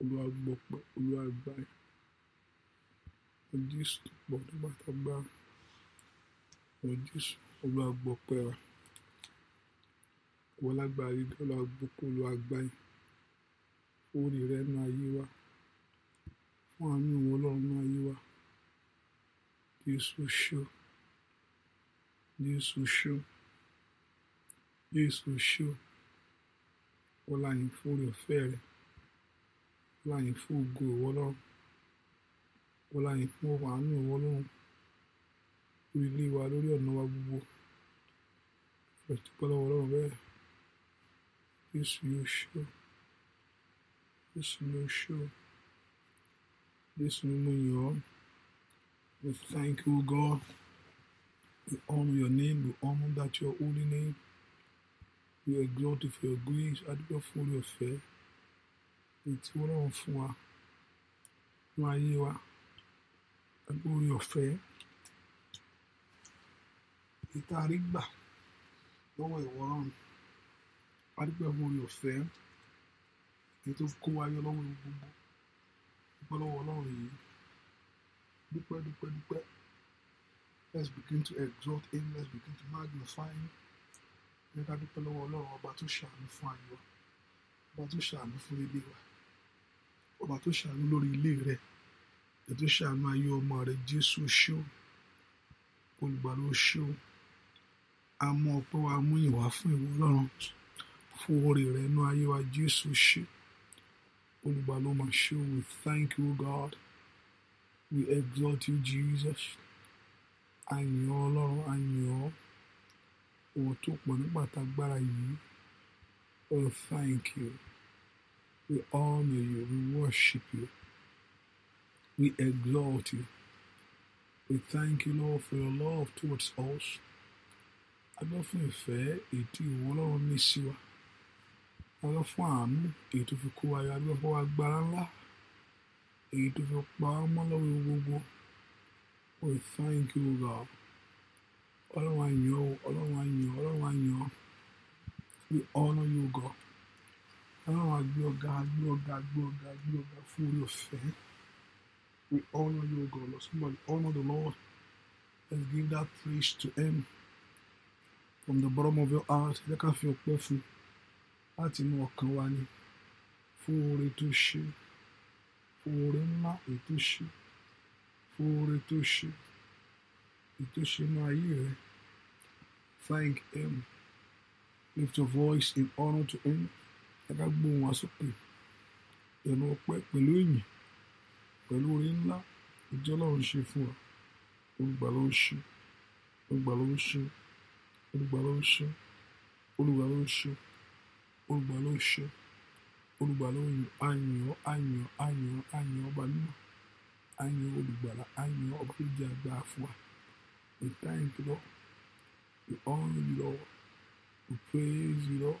Olúwa gbọ́ ọpẹ́, Olúwa gbà ẹ́. Lord Jésù pọ̀ nígbà tá a gbá. Lord Jésù Olúwa gbọ́ ọpẹ́ wa. Wọ́n lágbára yìí dé Olúwa gbọ́ ọpẹ́, Olúwa gbà ẹ́. Orí rẹ̀ nú ayé wa. Fún àánú ìwọ Ọlọ́run nú ayé wa. Jésù ṣó. Jésù ṣó. Jésù ṣó. Wọ́n láyìn fún orí ọ̀fẹ́ rẹ̀. Ọlá fún ògo ìwọ lọ́run. Ọlá yìí fún ọwọ́ àánú ìwọ lọ́run. Lórí ilé wa, lórí ọ̀nà wa gbogbo. Fẹ́ dúpẹ́ lọ́wọ́ Ọlọ́run bẹ́ẹ̀. Jésù yóò ṣe ọ́. yóò ṣe ọ́. ni mo yàn ọ́. We thank you, God. We honour your name. We honour that your holy name. We exalt grateful for your grace. Adúgbò fún orí ọ̀fẹ́ èyí tí Ọlọ́run fún wa nínú ayé wa agbórí ọ̀fẹ́ èyí a rí gbà lọ́wọ́ ìwọ Ọlọ́run a rí gbà agbórí ọ̀fẹ́ èyí tó kó wa yọ lọ́wọ́ gbogbo dúpẹ́ lọ́wọ́ Ọlọ́run yìí dúpẹ́ dúpẹ́ dúpẹ́ let's begin to exalt him let's begin to magnify him ẹ ká dúpẹ́ lọ́wọ́ Ọlọ́run ọba tó ṣàánú fún ayé wa ọba tó ṣàánú fún ilé wa ọba tó ṣàánú lórí ilé rẹ ètò ṣàánú ayé ọmọ rẹ jésù ṣó olùgbàlà ṣó a mú ọpẹ́ wa mú ìwà fún ìwọ Ọlọ́run fún oore rẹ inú ayé wa jésù ṣó olùgbàlà ọmọ ṣó we thank you God we exalt you Jesus àyàn Ọlọ́run àyàn òwò tó pọ̀ nígbà tá a gbára yìí oh thank you. We honor you. We worship you. We exalt you. We thank you, Lord, for your love towards us. A lọ fún ìfẹ́ ètò ìwọ Ọlọ́run ní sí wa. A lọ fún àánú èyí tó fi kó wa yọ agbára ńlá. Èyí tó fi pa á lọ́wọ́ gbogbo. We thank you, God. Ọlọ́run àyàn, Ọlọ́run àyàn, Ọlọ́run àyàn. We honor you, God. Ọlọ́run a gbé God, a God, ọ̀gá, God, gbé God. a gbé ọ̀gá We honor you, God. Lord. Somebody honor the Lord and give that praise to Him from the bottom of your heart. Jẹ́ ká your ọpẹ́ fún láti inú ọkàn wa ni fún oore tó ṣe, fún oore ńlá ètò ṣe, fún oore tó ṣe, ètò ṣe ní ayé rẹ. Thank Him. Lift your voice in honor to Him ẹ ká gbóhùn wa sókè pẹ̀lú ọpẹ́ pẹ̀lú ìyìn pẹ̀lú orí ńlá ìjọ Ọlọ́run ṣe fún wa olùgbà ló ń ṣe olùgbà ló ń ṣe olùgbà ló ń ṣe olùgbà ló ń ṣe olùgbà ló ń ṣe olùgbà ló ń àyàn àyàn àyàn àyàn ọba mímọ́ àyàn olùgbàlà àyàn ọba tó jẹ àgbà fún wa we thank you Lord we honour you Lord praise you Lord.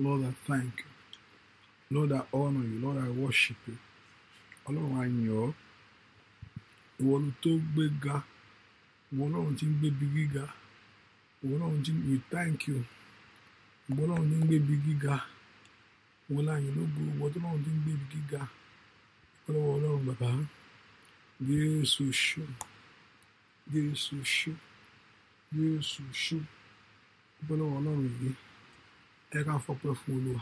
Lord, I thank you. Lord, I honor you. Lord, I worship you. Ọlọ́run a yìn ọ́. Ìwọ ló tó gbé ga. Ìwọ Ọlọ́run ń gbébi gíga. Ìwọ Ọlọ́run we thank you. Ìwọ Ọlọ́run tí ń gbébi gíga. Ìwọ láyìn lógo. Ìwọ Ọlọ́run tí ń gbébi gíga. Ọlọ́wọ́ Ọlọ́run bàbá. Jésù ṣó. Jésù ṣó. Jésù ṣó. Ìbọ́lọ́wọ́ Ọlọ́run yìí ẹ ká fọpẹ́ fún olúwa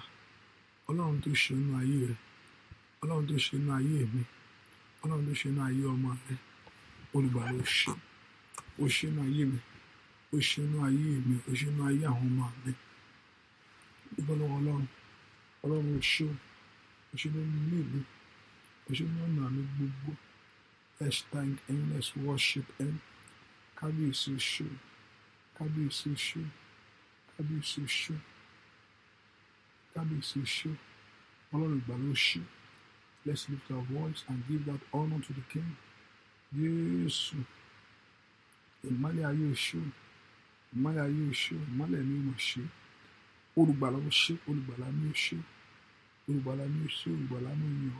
ọlọ́run tó ṣe inú ayé rẹ ọlọ́run tó ṣe inú ayé mi ọlọ́run tó ṣe inú ayé ọmọ rẹ olùgbàlà ó ṣe ó ṣe inú ayé mi ó ṣe inú ayé mi ó ṣe inú ayé àwọn ọmọ mi nígbà lọ́wọ́ ọlọ́run ọlọ́run ó ṣe ó ṣe lórí ilé mi ó ṣe ní ọ̀nà mi gbogbo let's thank him let's worship him kábíyèsí ṣe kábíyèsí ṣe kábíyèsí ṣe. Kábíyèsí ṣé, Let's lift our voice and give that honor to the King. Jésù, ìmọ́lẹ̀ ayé ó ṣé, mali ayé ó ṣé, ìmọ́lẹ̀ mi mọ̀ ṣé. Olùgbàlà ó ṣé, olùgbàlà mi ó ṣé. Olùgbàlà mi ó ṣé, olùgbàlà mi yàn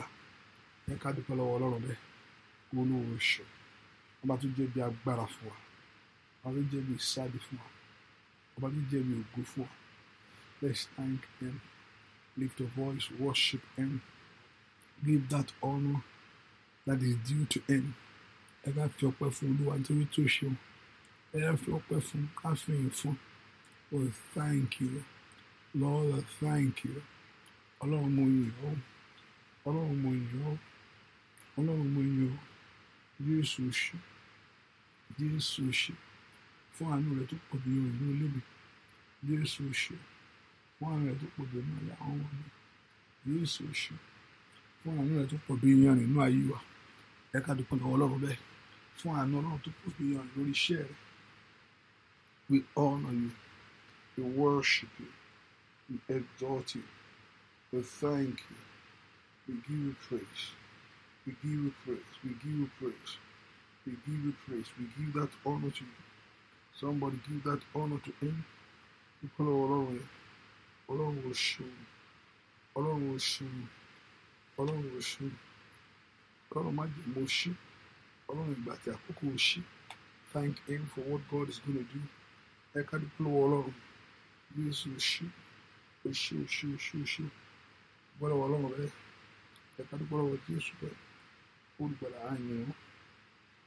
ọ́ ẹ dúpẹ́ lọ́wọ́ ọlọ́run bẹ́ẹ̀ kó olówó oṣù ọba tó jẹ́ bí agbára fún wa ọba tó jẹ́ bí ìsáde fún wa ọba tó jẹ́ bí ògo fún wa let's thank him lift your voice worship him give that honour that is due to him ẹ ká fi ọpẹ́ fún olúwa nítorí tó ṣeun ẹ ká fi ọpẹ́ fún ká fún oh thank you lord thank you ọlọ́run mo yìn ọ́ ọlọ́run mo yìn ọ́ ọlọ́run jésù ṣe jésù ṣe fún àánú rẹ tó pọ̀ bíi òyìnbó lébi jésù ṣe fún àánú rẹ tó pọ̀ bíi ọmọ ìyá ọmọ mi jésù ṣe fún àánú rẹ tó pọ̀ bíi iyan nínú ayé wa ẹ ká dúpẹ́ lọ́wọ́ ọlọ́run bẹ́ẹ̀ fún àánú ọlọ́run tó pọ̀ bíi iyan lórí iṣẹ́ rẹ we honour you we worship you we exalt you we thank you we give you praise. We give you praise. We give you praise. We give you praise. We give that honor to you. Somebody give that honor to him. People are all over. Ọlọ́run ò ṣeun Ọlọ́run ò ṣeun Ọlọ́run ò ṣeun Ọlọ́run má jẹ́ mo ṣí Ọlọ́run ìgbà àti àkókò ò ṣí thank him for what God is going to do I can dúpẹ́ along. Ọlọ́run Jésù ò ṣí ò ṣí ò ṣí ò ṣí ò ṣí I can Ọlọ́run with ẹ ká olùgbàlà á yìn ọ́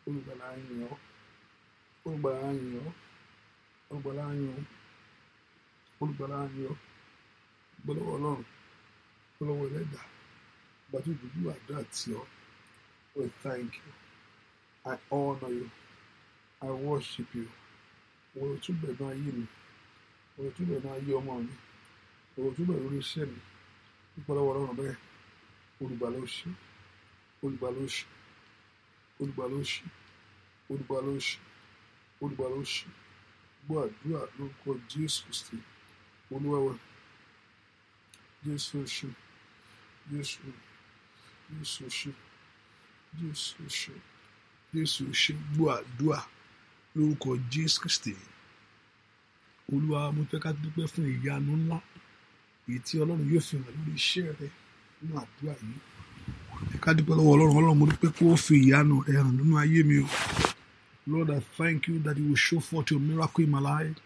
olùgbàlà á yìn ọ́ olùgbàlà á yìn ọ́ olùgbàlà á yìn ọ́ olùgbàlà á yìn ọ́ gbọ́lọ́wọ́ ọlọ́run gbọ́lọ́wọ́ ẹlẹ́dàá gbàtú ìdúdú àdúrà tí ọ́ we thank you I honour you I worship you wọ́n tún bẹ̀rù ayé mi wọ́n tún bẹ̀rù ayé ọmọ mi wọ́n tún bẹ̀rù orí iṣẹ́ mi ìpọ́lọ́wọ́ ọlọ́run bẹ́ẹ̀ olùgbàlà Ulbalushi, Ulbalushi, Ulbalushi, Ulbalushi. Gbọ́ àdúrà lórúkọ Jésù Kristi, Olúwa wa, Jésù ṣe, Jésù, Jésù ṣe, Jésù ṣe, Jésù ṣe. Gbọ́ àdúrà lórúkọ Jésù Kristi. Olúwa mo fẹ́ ká dúpẹ́ fún ìyanu ńlá èyí tí Ọlọ́run yóò fi hàn lórí iṣẹ́ rẹ nínú àdúrà yìí ká dúpẹ́ lọ́wọ́ mo dúpẹ́ kó o fi ìyanu rẹ nínú ayé mi o Lord I thank you that you will show forth your miracle in my life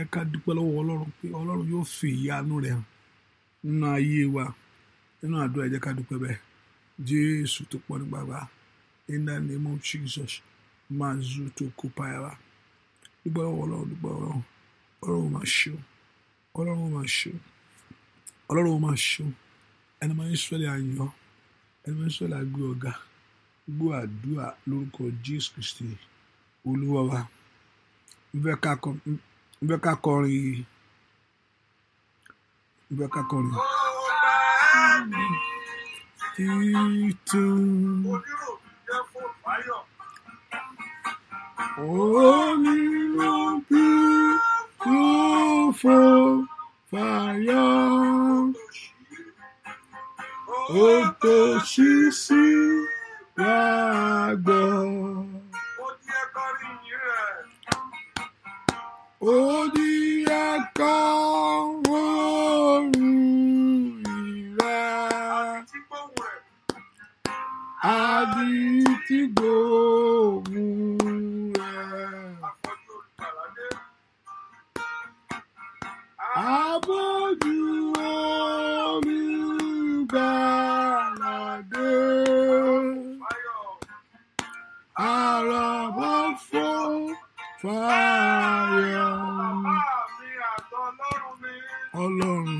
ẹ ká dúpẹ́ lọ́wọ́ ọlọ́run pé ọlọ́run yóò fi ìyanu rẹ hàn nínú ayé wa nínú àdúrà ẹ jẹ́ ká Jésù tó pọ̀ ní bàbá in the name of Jesus máa zu tó kó payara dúpẹ́ lọ́wọ́ ọlọ́run dúpẹ́ ọlọ́run ọlọ́run máa ṣe ọlọ́run máa ṣe ọlọ́run máa ṣe ẹni máa ń sọ́lẹ̀ àyàn ẹgbẹ́sọ́lá gbé ọ̀gá gbọ́ àdúrà lórúkọ Jésù Kristi olúwa wa ká kọrin yìí ń ká kọrin. Títún. Omi ló bí ló fò fàyà. odò ṣíṣí lágbọ́. ó ní ẹ̀ka oòrùn rẹ̀ I love fún fàyà ọlọ́run.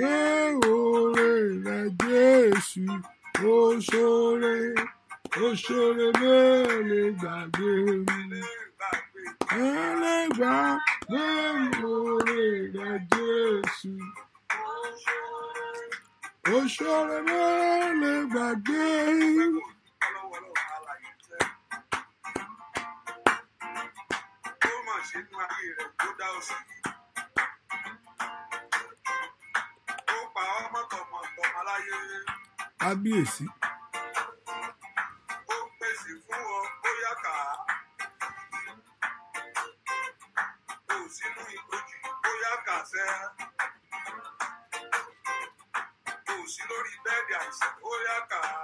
lérò rẹ Jésù ó ṣoore ó ṣoore mẹ́lẹ̀ gbàgbé mi ẹlẹ́gbà lérò rẹ Jésù ó ṣoore mẹ́lẹ̀ gbàgbé mi. Thank you. kábíyèsí. ó pèsè fún ọ bóyá kà á. kò sínú ìbòjì bóyá kà á sẹ́. kò sí lórí bẹ́ẹ̀dì àìsàn bóyá kà á.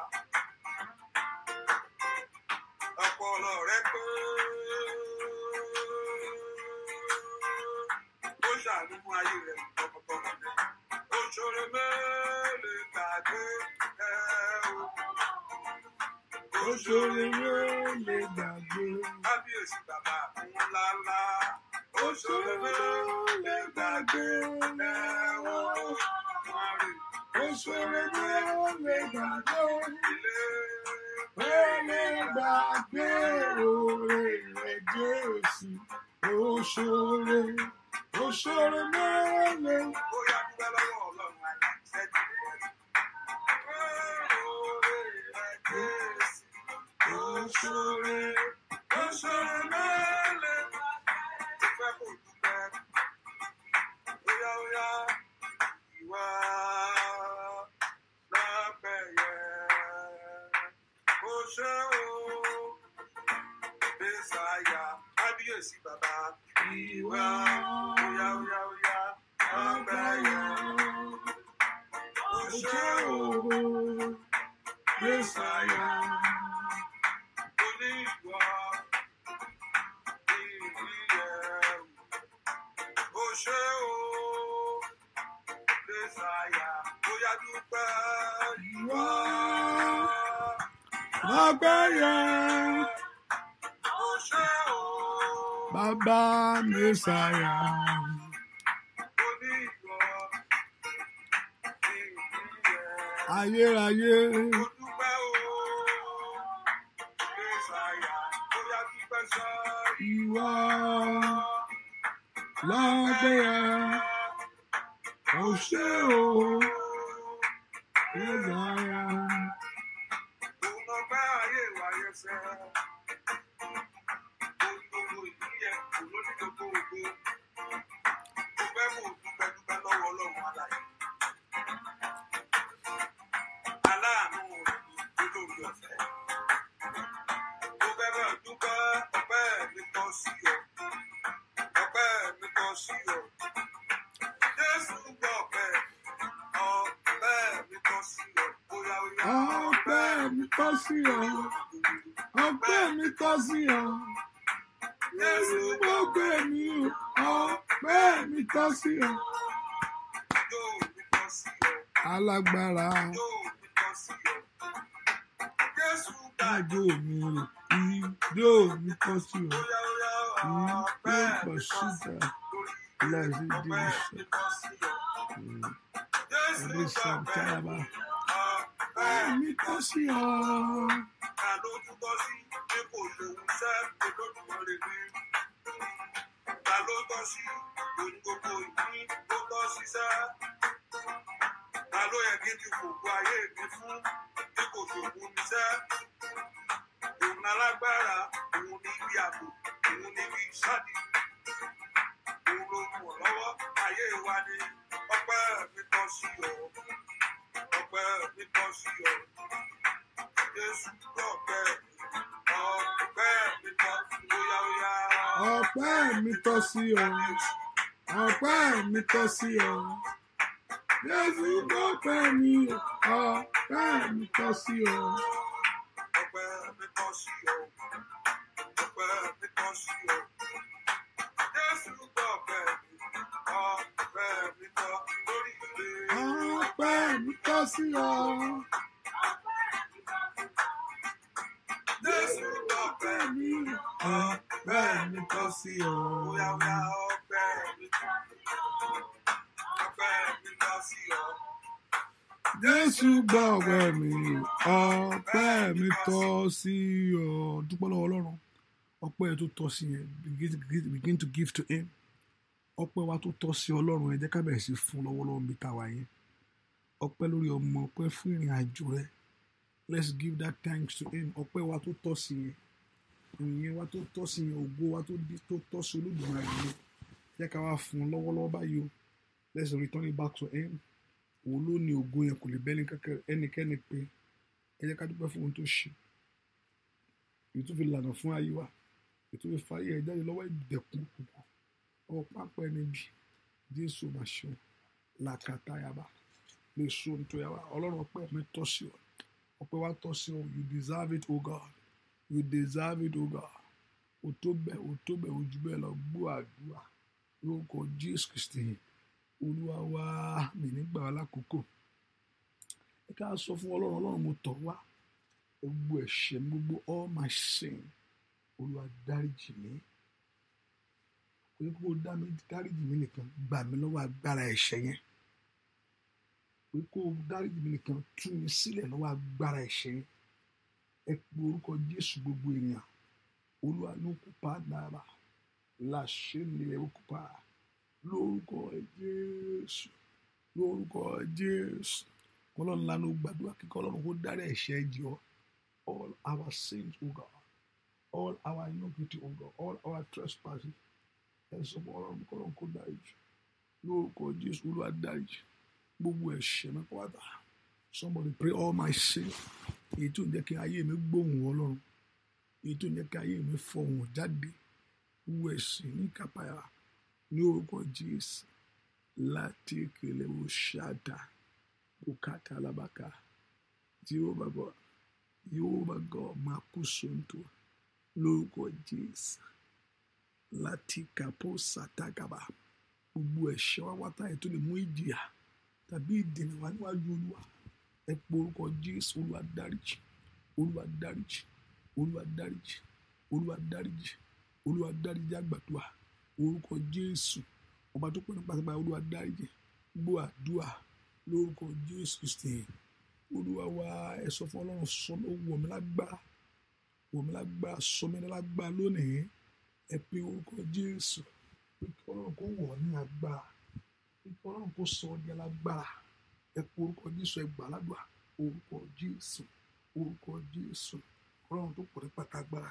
ọpọlọ rẹ pé. ó ṣàánú ayé rẹ tọmọtọmọ rẹ. ó ṣòro mẹ́rin. ṣòro yóò lè gbàgbé. kábíyèsí bàbá ńlá ńlá. ó ṣòro yóò lè gbàgbé. ẹ̀wọ̀n wọn rí. ó ṣòro yóò lè gbàgbé. ilé ó lè gbàgbé òòrè rẹ̀ jẹ́ òsì. ó ṣòro. Agbára. Bàbá Mẹ́sàyà. Ayérayé. Ayérayé. kò ní ó lọ ṣiṣẹ́ ta ló yẹ kí n ti fògo ayé mi fún tí kò ṣògùn níṣẹ́ òun alágbára òun ní ibi ààbò òun ní ibi ìṣáàdì òun ló ràn lọ́wọ́ ayé wa ni ọpẹ́ mi tọ́ sí ọ ọpẹ́ mi tọ́ sí ọ Jésù lọ́pẹ́ ọpẹ́ mi tọ́ sí ọ. ọpẹ́ mi tọ́ sí ọ ọpẹ́ mi tọ́ sí ọ. Jésù ọpẹ́ mi ọpẹ́ mi tọ́ sí ọ. Ọpẹ́ mi tọ́ sí ọ. Ọpẹ́ mi tọ́ sí ọ. sí dúpẹ́ lọ́wọ́ ọlọ́run ọpẹ́ tó tọ́ sí yẹn begin to give to him ọpẹ́ wa tó tọ́ sí ọlọ́run ẹ jẹ́ ká bẹ̀rẹ̀ sí fún lọ́wọ́lọ́wọ́ níbi tá a wà yẹn ọpẹ́ lórí ọmọ ọpẹ́ fún ìrìn àjò rẹ let's give that thanks to him ọpẹ́ wa tó tọ́ sí yẹn ìyẹn wa tó tọ́ sí yẹn ògo wa tó tọ́ sí olódùmarè yẹn jẹ́ ká wá fún un lọ́wọ́lọ́wọ́ báyìí o let's return it back to him òun ló ní ògo yẹn kò lè bẹ́ẹ̀ ẹnikẹ́ni pé ẹ jẹ́ ká dúpẹ́ fún ohun tó ṣe ìtúfi lànà fún ayé wa ìtúfi fàyè ẹ jáde lọ́wọ́ ìdẹ̀kùn òkùnkùn ọwọ́ pápá ẹni bí jésù máa ṣeun làkàtàyàbá lè so ntòyàbá ọlọ́run ọpẹ́ mi tọ́ sí ọ ọpẹ́ wa tọ́ sí ọ you deserve it o God you deserve it o God o tó bẹ́ẹ̀ o tó bẹ́ẹ̀ o jù bẹ́ẹ̀ lọ gbọ́ àdúrà lórúkọ jésù kristi olúwa wa mi nígbà wa lákòókò ẹ ká sọ fún ọlọ́run ọlọ́run mo tọ̀ wá gbogbo ẹ̀ṣẹ̀ mi gbogbo all my sin olúwa dáríjì mi kò yẹ kó dá mi dáríjì mi nìkan gbà mí lọ́wọ́ agbára ẹ̀ṣẹ̀ yẹn kò yẹ kó dáríjì mi nìkan tú mi sílẹ̀ lọ́wọ́ agbára ẹ̀ṣẹ̀ yẹn ẹ pe orúkọ Jésù gbogbo ènìyàn olúwa ló kú pa dára làṣẹ nílẹ̀ ó kú pa lórúkọ Jésù lórúkọ Jésù kọlọ́nla ló gbàdúrà kíkọ́ ọlọ́run kó dárí ẹ̀ṣẹ̀ jì all our sins, O God, all our iniquity, O God, all our trespasses, ẹ̀sùn ọlọ́run kọ́lọ́n kó dáríjì lórúkọ Jésù Olúwa dáríjì gbogbo ẹ̀ṣẹ̀ mi pátá somebody pray all my sin èyí tó ń jẹ́ kí ayé mi gbóhùn ọlọ́run èyí tó ń jẹ́ kí ayé mi fọhùn jáde gbogbo ẹ̀sìn ní kápáyà ní orúkọ Jésù láti kele wo ṣáàdà kó tí ó bàbá. Jehovah God makusuntu lórúkọ Jesus, latika kàpọ̀ sàtàkàbà gbogbo ẹ̀ṣẹ̀ wá wá táyà tó lè mú ìjìyà tàbí ìdènà wá níwájú olúwa ẹ pé orúkọ Jésù olúwa dáríjì olúwa dáríjì olúwa dáríjì olúwa dáríjì olúwa dáríjì àgbàdua orúkọ Jésù ọba tó pẹ́ nípa olúwa wa ẹ sọ fún ọlọ́run sọ ló wọ̀ mí lágbára wọ̀ mí lágbára sọ mí lágbára lónìí ẹ pe orúkọ jésù pé kí ọlọ́run kó wọ̀ ní agbára pé kí ọlọ́run kó sọ ọ́ di alágbára ẹ pe orúkọ jésù ẹ gbà ládùá orúkọ jésù orúkọ jésù ọlọ́run tó pọ̀ ní pàtàkì agbára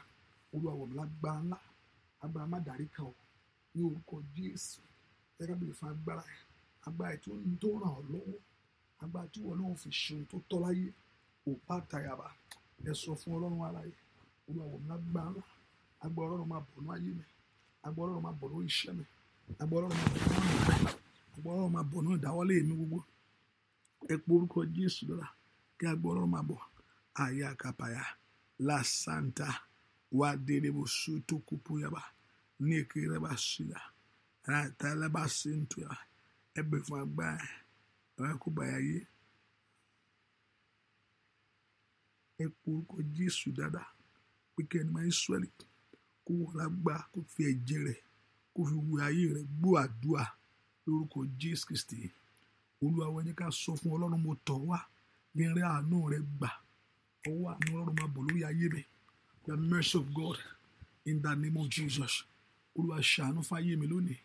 olúwa wọ̀ mí lágbára ńlá agbára má dàrí kan o ní orúkọ jésù ẹ kábíyèsí fún agbára agbára tó ń tó ràn ọ́ agbára tí wọn náà fi ṣeun tó tọ́ láyé òpá tayaba ẹ sọ fún ọlọ́run aláyé olùwàwọ̀ mi lágbára agbára ọlọ́run máa bọ̀ ní ayé mi agbára ọlọ́run máa bọ̀ lórí iṣẹ́ mi agbára ọlọ́run máa bọ̀ ní ìgbà agbára ọlọ́run máa bọ̀ ní ìdáwọ́lé mi gbogbo ẹ pé orúkọ jésù lọ́la kí agbára ọlọ́run máa bọ̀ ayé àkàpàyà la santa wa délébù sùtùkùpù yaba ní èkìrẹ́bà sílà ràtàlábà sí ntùyà ẹ bẹ̀ fún agbára arákùnbáyáyé ẹ po orúkọ jésù dáadáa pé kí ẹni máa ń sọ́ọ̀lì kó wọ́n lágbá kó fi ẹ̀jẹ̀ rẹ̀ kó fi wẹ ayé rẹ̀ gbọ́ àdúrà lórúkọ jésù kristi olúwa wa jẹ́ ká sọ fún ọlọ́run mo tọ̀ wá rírẹ́ àánú rẹ̀ gbà ọwọ́ àánú ọlọ́run máa bọ̀ lórí ayé mi the mercy of God in the name of Jesus olúwa ṣàánú fáyé mi lónìí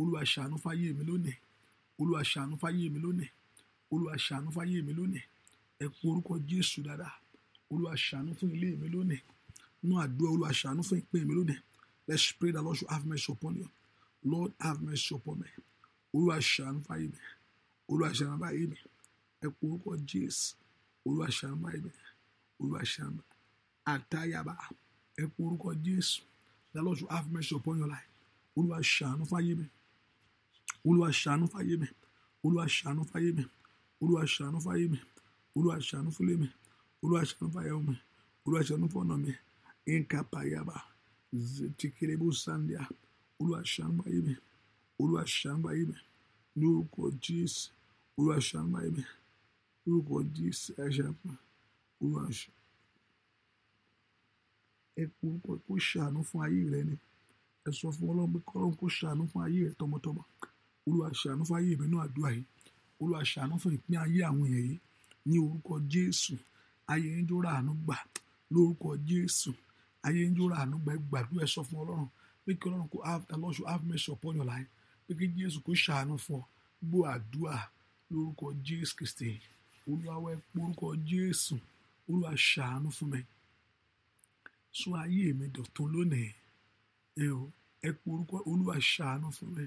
olúwa ṣàánú fáyé mi lónìí olúwa ṣàánú fáyé mi lónìí olúwa ṣàánú fáyé mi lónìí ẹ kú orúkọ jésù dáadáa olúwa ṣàánú fún ilé mi lónìí nú àdúrà olúwa ṣàánú fún ìpín mi lónìí let's pray that lord should have mercy upon you lord have mercy upon me olúwa ṣàánú fáyé mi olúwa ṣàánú fáyé mi ẹ kú orúkọ jésù olúwa ṣàánú fáyé mi olúwa ṣàánú àtayaba ẹ kú orúkọ jésù that lord should have mercy upon your life olúwa ṣàánú fáyé mi olúwa ṣàánú fáyé mi olúwa ṣàánú fáyé mi olúwa ṣàánú fáyé mi olúwa ṣàánú fúnlé mi olúwa ṣàánú fáyàwó mi olúwa ṣàánú fọ́nà mi nǹkan pàyàbà tìkìrìbù sàndíà olúwa ṣàánú fáyé mi olúwa ṣàánú fáyé mi lórúkọ jésù olúwa ṣàánú fáyé mi lórúkọ jésù ẹṣẹ fún olúwa ṣàánú ẹ kó ṣàánú fún ayé rẹ ni ẹ sọ fún ọlọ́run pé kọ́lọ́run kó ṣàánú fún ayé rẹ tọmọtọmọ olúwa ṣàánú fún ayé mi náà àdúrà yìí olúwa ṣàánú fún ìpín ayé àwọn èèyàn yìí ní orúkọ jésù ayé ń jọra àánú gbà lórúkọ jésù ayé ń jọra àánú gbà gbàdúrà ẹ sọ fún ọlọ́run pé kí ọlọ́run kó have the lord should have mercy upon your life pé kí jésù kó ṣàánú fún ọ gbọ́ àdúrà lórúkọ jésù kristi olúwa wẹ orúkọ jésù olúwa ṣàánú fún mi sún ayé mi dọ̀tun lónìí ẹ o ẹ pé orúkọ olúwa fún mi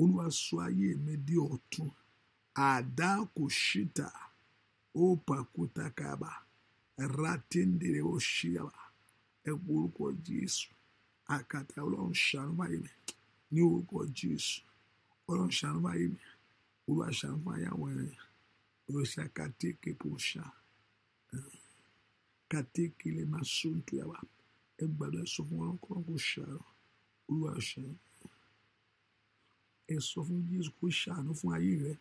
olúwa sọ ayé mi di ọ̀tun àdákòṣìtà òpàkùtàkàbà ràtẹ́ndèrè òṣìyàbà ẹ kú orúkọ jésù àkàtà ọlọ́run ṣàánú báyìí mi ní orúkọ jésù ọlọ́run ṣàánú báyìí mi olúwa ṣàánú báyìí àwọn ẹ̀rìn olùṣà kàtẹ́kẹ̀ kò ṣà kàtẹ́kẹ̀ lè máa sóńtò yàrá ẹ gbàdúrà sọ fún ọlọ́run kọ́ kò ṣàánú olúwa ṣàánú ẹ sọ fún Jésù kó ṣàánú fún ayé rẹ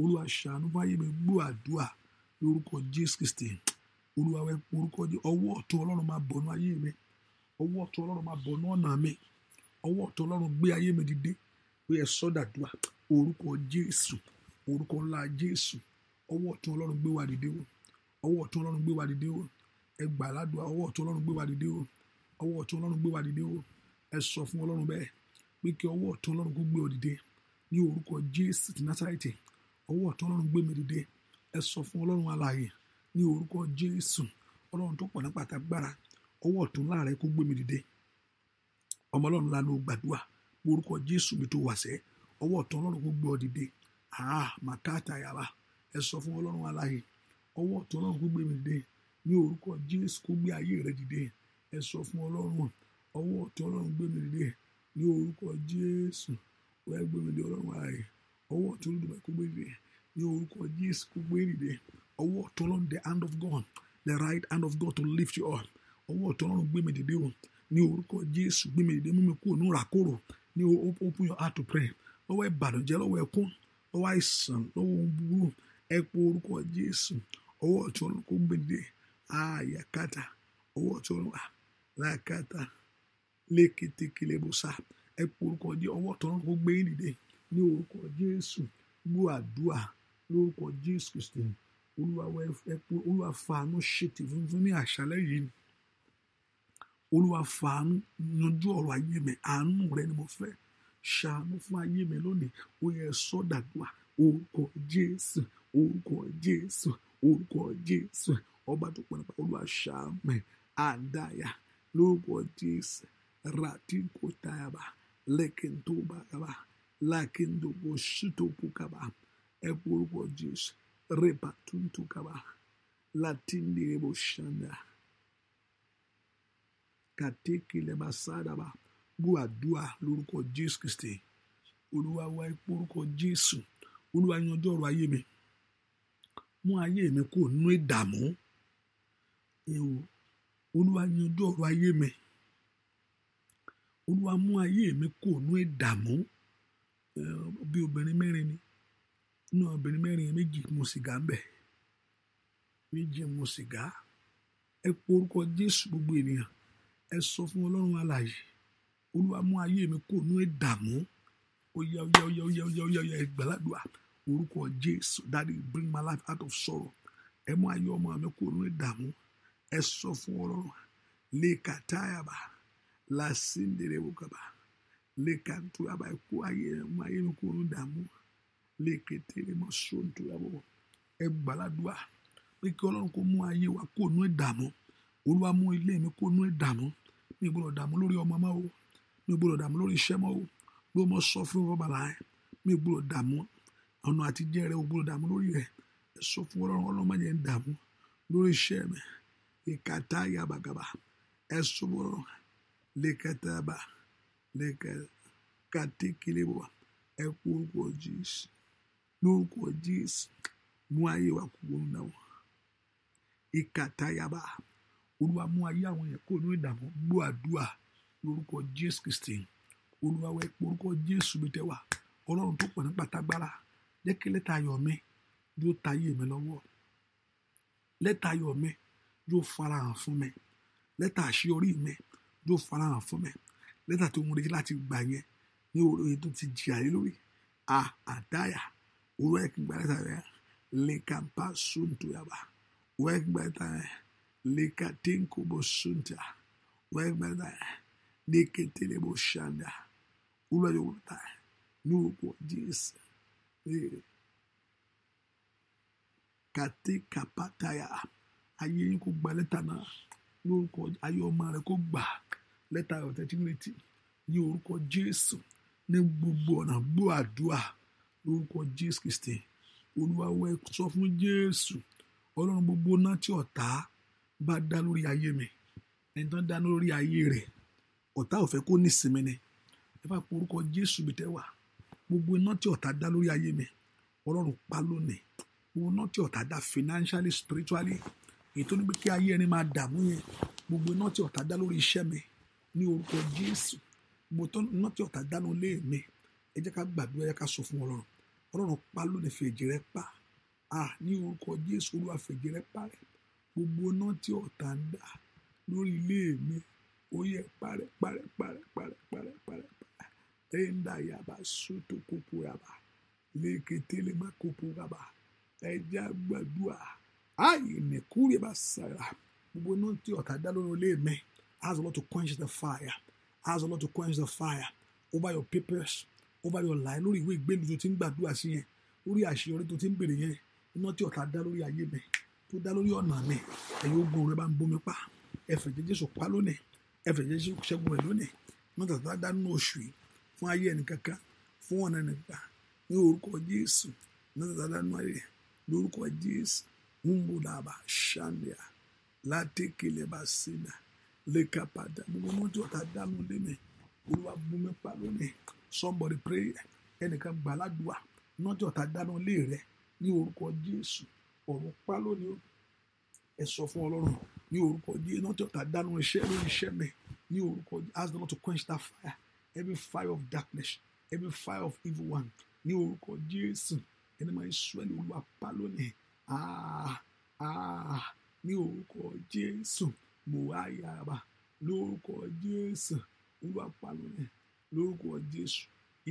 olúwa ṣàánú fún ayé mi gbọ́ àdúà lórúkọ Jésù Kristi olúwa wẹ orúkọ Jésù ọwọ́ ọ̀tún ọlọ́run máa bọ̀nú ayé mi ọwọ́ ọ̀tún ọlọ́run máa bọ̀nú ọ̀nà mi ọwọ́ ọ̀tún ọlọ́run gbé ayé mi dìde pé ẹ sọ́dà dùà orúkọ Jésù orúkọ ńlá Jésù ọwọ́ ọ̀tún ọlọ́run gbé wa dìde o ọwọ́ ọ̀tún ọlọ́run gbé wa dìde o ẹ gbà ládùá ọwọ́ ọ̀tún ọlọ́run gbé wa dìde o ọwọ́ ọ̀tún ọlọ́run gbé wa dìde o ẹ sọ fún ọlọ́run bẹ́ẹ̀ pé kí ọwọ́ ọ̀tún ọlọ́run kó gbé ọ dìde ní orúkọ jésù ti násàrẹ́tì ọwọ́ ọ̀tún ọlọ́run gbé mi dìde ẹ sọ fún ọlọ́run alààyè ní orúkọ jésù ọlọ́run tó pọ̀ nípa àtàgbára ọwọ́ ọ̀tún láàrẹ kó gbé mi dìde ọmọ ọlọ́run la ló gbàdúrà orúkọ jésù mi tó wàṣẹ ọwọ́ ọ̀tún ọlọ́run kó gbé ọ dìde àá ẹ sọ fún ọlọ́run ní orúkọ Jésù ó yá gbé mi dé ọlọ́run ààyè ọwọ́ ọ̀tún Olódùmarè kó gbé dìde ní orúkọ Jésù kó gbé dìde ọwọ́ ọ̀tún Ọlọ́run the hand of God the right hand of God to lift you up ọwọ́ ọ̀tún Ọlọ́run gbé mi dìde o ní orúkọ Jésù gbé mi dìde mú mi kúrò ní ràkòrò ní open your heart to pray lọ́wọ́ ìbànújẹ́ lọ́wọ́ ẹkún lọ́wọ́ àìsàn lọ́wọ́ ohun búburú ẹ pé orúkọ Jésù ọwọ́ ọ̀tún Ọlọ́run kó gbé mi dìde àyàkátà ọwọ́ ọ̀tún Ọlọ́run àlàkátà léketekele bùsà ẹ pé orúkọ jẹ ọwọ́ tọrọ kó gbé dìde ní orúkọ Jésù gbọ́ àdúà lórúkọ Jésù Kristi olúwa ẹ pé olúwa fàánú ṣètì funfun ní àṣálẹ́ yìí olúwa fàánú yanjú ọ̀rọ̀ ayé mi àánú rẹ ni mo fẹ́ ṣàánú fún ayé mi lónìí ó yẹ sọdàdúà orúkọ Jésù orúkọ Jésù orúkọ Jésù ọba tó pẹ̀lú olúwa ṣàánú àdáyà lórúkọ Jésù ratikotayaba lekentobagaba lakendoboshitopukaba ẹ̀pọ̀rọ̀pọ̀ jésù repatuntukaba latindireboshanda katekelebasadaba buadua lórúkọ jésù kristi olúwa wa ẹ̀pọ̀rọ̀pọ̀ jésù olúwa yanjú ọ̀rọ̀ ayé mi mú ayé mi kúrò nínú ìdààmú olúwa yanjú ọ̀rọ̀ ayé mi olúwa mú ayé mi kò nú ìdààmú bí obìnrin mẹ́rin ni inú obìnrin mẹ́rin méjì mu sìgá ń bẹ̀ méjì mu sìgá ẹ pe orúkọ jésù gbogbo ènìyàn ẹ sọ fún ọlọ́run alààyè olúwa mú ayé mi kò nú ìdààmú ó yá ó yá ó yá ó ìgbàládùá orúkọ jésù daddy bring my life out of sorrow ẹ mú ayé ọmọ mi kò nú ìdààmú ẹ sọ fún ọlọ́run lè kàtáyàbá lasinderebo kaba lekantura ba ikú ayé ẹmu ayélujára dààmú leketele mọ sonturabo ẹgbàládùá e pé kí ọlọ́run kó mú ayé wa kó nú ìdààmú olúwa mú ilé mi kó nú ìdààmú mi gbọ́dọ̀ dààmú lori ọmọ mọ́ o mi gbọ́dọ̀ dààmú lórí iṣẹ́ mọ́ o ló mọ sọ fún bàbá la ẹ mi gbọ́dọ̀ dààmú ọ̀nà àtijẹ́ rẹ o gbọ́dọ̀ dààmú lórí rẹ ẹ sọ fún ọlọ́run ọlọ́run má jẹ́ ń dààmú mi ìkàtà yabagaba ẹ sọ fún ọlọ́run lekataba lekatikilebwa ẹ kú orúkọ jésù lórúkọ jésù mú ayé wa kúrò nínú wọn ìkàtàyàbá olúwa mú ayé àwọn yẹn kúrò nínú ìdààmú gbọ́ àdúrà lórúkọ jésù kristi olúwa wẹ pé orúkọ jésù mi tẹ wá ọlọ́run tó pọ̀ ní pátágbára jẹ́ kí lẹ́tà ayọ̀ mi yóò ta mi lọ́wọ́ lẹ́tà ayọ̀ mi yóò farahàn fún mi lẹ́tà àṣeyọrí mi yóò farahàn fún mi lẹ́tà tó ń retí láti gbà yẹn ní orí tó ti jìyà lé lórí a àdáyà òru ẹ̀ kí n gba lẹ́tà rẹ̀ lẹ́kàmpá sóńtòyàbá òru ẹ̀ kí n gba lẹ́tà rẹ̀ lẹ́kàtẹ́ńkòbó sóńtà òru ẹ̀ kí n gba lẹ́tà rẹ̀ lẹ́kẹtẹ́lẹ́bó ṣáńdà òru ẹ̀ yóò lẹ́tà rẹ̀ ní orúkọ Jésù kàtẹ́kàpátàyà ayé yín kò gba lẹ́tà náà ní orúkọ ayé ọmọ rẹ̀ kò gbà lẹ́tà ọ̀tẹ́tìmẹ́tì ní orúkọ Jésù ní gbogbo ọ̀nà gbọ́ àdúrà lórúkọ Jésù Kristi olúwàwẹ̀ sọ fún Jésù ọlọ́run gbogbo náà tí ọ̀tá bá dá lórí ayé mi ẹni tó ń dá lórí ayé rẹ̀ ọ̀tá ò fẹ́ kó ní ìsinmi ni ẹ bá pe orúkọ Jésù bí tẹ́wà gbogbo iná tí ọ̀tá dá lórí ayé mi ọlọ́run pa lónìí gbogbo iná tí ọ̀tá dá financially spiritually èyí tó kí ayé ẹni máa dààmú yẹn gbogbo iná tí ọ̀tá dá lórí iṣẹ́ mi ní orúkọ Jésù mo tọ́ náà tí ọ̀tá dáná lé mi ẹ jẹ́ ká gbàdúrà ẹ jẹ́ ká sọ fún ọlọ́run ọlọ́run pa lónìí fèjì rẹ pa à ní orúkọ Jésù olúwa fèjì rẹ pa rẹ gbogbo náà tí ń dá lórí ilé mi ó yẹ parẹ́ parẹ́ parẹ́ parẹ́ parẹ́ parẹ́ parẹ́ tẹ́ńdà yaba sóto kókó yaba lẹ́kẹ̀tẹ́lẹ́ má kókó yaba ẹ jẹ́ gbàdúrà àyè nìkúrẹ́ bá sara, gbogbo náà tí ọ̀tá dá mi. Ask the Lord to quench the fire. Ask the Lord to quench the fire over your papers, over your life. Lórí ìwé ìgbélu tó ti ń gbàdúrà sí yẹn, lórí àṣeyọrí tó ti ń bèrè yẹn, iná tí ọ̀tá dá lórí ayé mi, tó dá lórí ọ̀nà mi, ẹ̀yin ogun rẹ bá ń bomi pa. Ẹ̀fẹ̀ jẹ́ Jésù pa lónìí, ẹ̀fẹ̀ jẹ́ Jésù ṣẹ́gun rẹ̀ lónìí. Iná tàtà dá nínú oṣù yìí fún ayé ẹnì kankan, fún ọ̀nà ẹnì kankan, ní orúkọ Jésù. Iná tàtà dá nínú ayé lẹ́ka padà gbogbo mọ́ tí ọ̀tá dánú lé mi olúwa bùnmi pa lónìí somebody pray ẹnìkan gbàládùá náà tí ọ̀tá dánú lé rẹ ní orúkọ jésù ọ̀run pa lónìí ẹ sọ fún ọlọ́run ní orúkọ jésù náà tí ọ̀tá dánú iṣẹ́ lórí iṣẹ́ mi ní orúkọ ask the Lord to quench that fire every fire of darkness every fire of evil one ní orúkọ jésù ẹni máa ń sọ ẹni olúwa pa lónìí ah ah ní orúkọ jésù buhari araba lórúkọ jésù olúwa pàlọ́ yẹn lórúkọ jésù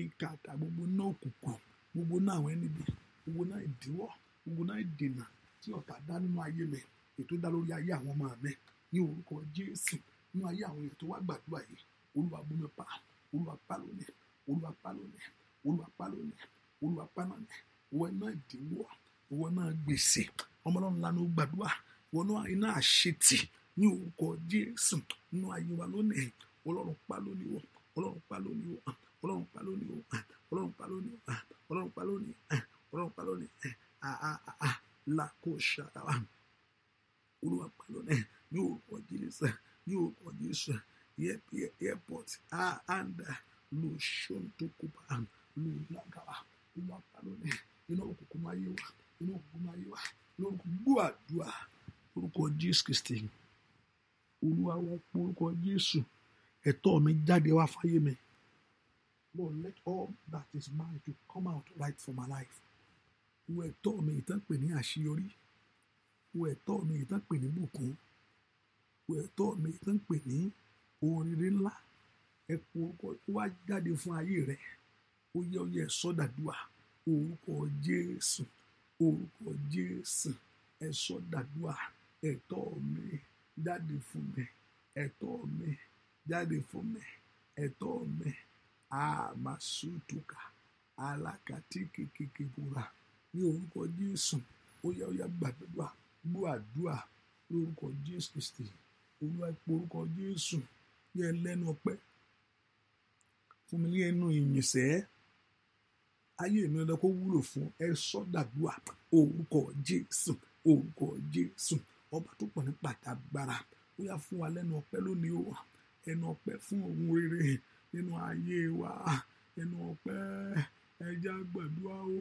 ìka àtà gbogbo náà kùkùn gbogbo náà àwọn ẹni bí gbogbo náà ìdíwọ́ gbogbo náà ìdènà tí ọ̀tá dá nínú ayé mi ètò dá lórí ayé àwọn ọmọ mi ní orúkọ jésù nínú ayé àwọn èèyàn tó gbàdúrà yìí olúwa bú mi pa olúwa pàlọ́ yẹn olúwa pàlọ́ yẹn olúwa pàlọ́ yẹn olúwa pàlọ́ yẹn owó náà ìdíwọ́ owó náà gbèsè ọmọlọ́run lánàá gbàdúrà owó náà iná àṣetì ní orúkọ Jésù nínú ayé wa lónìí Ọlọ́run pa lónìí wọ̀ Ọlọ́run pa lónìí wọ̀ Ọlọ́run pa lónìí wọ̀ Ọlọ́run pa lónìí wọ̀ Ọlọ́run pa lónìí Ọlọ́run pa lónìí làkóṣà Olúwa pa lónìí ní orúkọ Jésù ní orúkọ Jésù airport anda lùsọ̀ntòkùbà lùlágàwà Olúwa pa lónìí iná òkùnkùn máa yé wa iná òkùnkùn máa yé wa lórúkọ gbọ́ àdúrà lórúkọ Jésù Kristi olúwa wa orúkọ jésù ẹ̀tọ́ mi jáde wá fáyé mi lord let all that is mine to come out right for my life wo ẹ̀tọ́ mi ìtàn pè ní àṣeyọrí wo ẹ̀tọ́ mi ìtàn pè ní bùkún wo ẹ̀tọ́ mi ìtàn pè ní oríire ńlá ẹ̀pọ̀ orúkọ wá jáde fún ayé rẹ̀ ó yẹ ó yẹ sọ́dàdúà orúkọ jésù orúkọ jésù ẹ sọ́dàdúà ẹ̀tọ́ mi jáde fún mi ẹ̀tọ́ mi jáde fún mi ẹ̀tọ́ mi àmàṣùtùkà alákàtí kékeré wúra ní orúkọ Jésù ó yá ó yá gbàdúrà gbọ́ àdúrà lórúkọ Jésù Kristi olúwa ipò orúkọ Jésù ní ẹlẹ́nu ọpẹ́ fún mi ní ẹnu ìyìnsẹ́ ayé mi lọ kó wúlò fún ẹ sọ́dàdúà orúkọ Jésù orúkọ Jésù ọba tó pọ̀ ní pàtàgbára ó yá fún wa lẹ́nu ọpẹ́ lónìí o ẹnu ọpẹ́ fún ohun rere nínú ayé wa ẹnu ọpẹ́ ẹja gbàdúrà o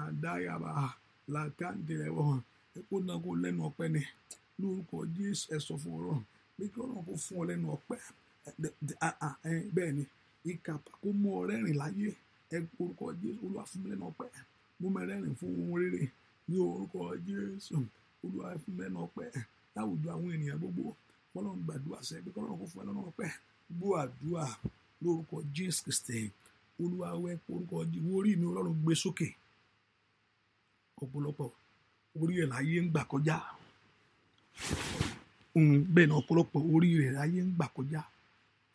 àdáyàbá làkàndínlẹwọ epo náà kò lẹ́nu ọpẹ́ ni lórúkọ Jésù ẹ sọ fún Ọlọ́run pé kí Ọlọ́run kò fún ọ lẹ́nu ọpẹ́ bẹ́ẹ̀ ni ìkàpá kó mú ọ rẹ́rìn láyé orúkọ Jésù Olúwa fún mi lẹ́nu ọpẹ́ mú mi rẹ́rìn fún ohun rere ní orúkọ Jésù olúwa fún mẹ́nu ọpẹ́ láwùjọ àwọn ènìyàn gbogbo kọ́lọ́n gbàdúrà sẹ́ pé kọ́lọ́n kò fún ẹ lọ́nà ọpẹ́ gbọ́ àdúrà lórúkọ Jésù Kristi olúwa wẹ́ orúkọ orí mi ọlọ́run gbé sókè ọ̀pọ̀lọpọ̀ orí ẹ̀ láyé ń gbà kọjá bẹ́ẹ̀ náà ọ̀pọ̀lọpọ̀ orí rẹ̀ láyé ń gbà kọjá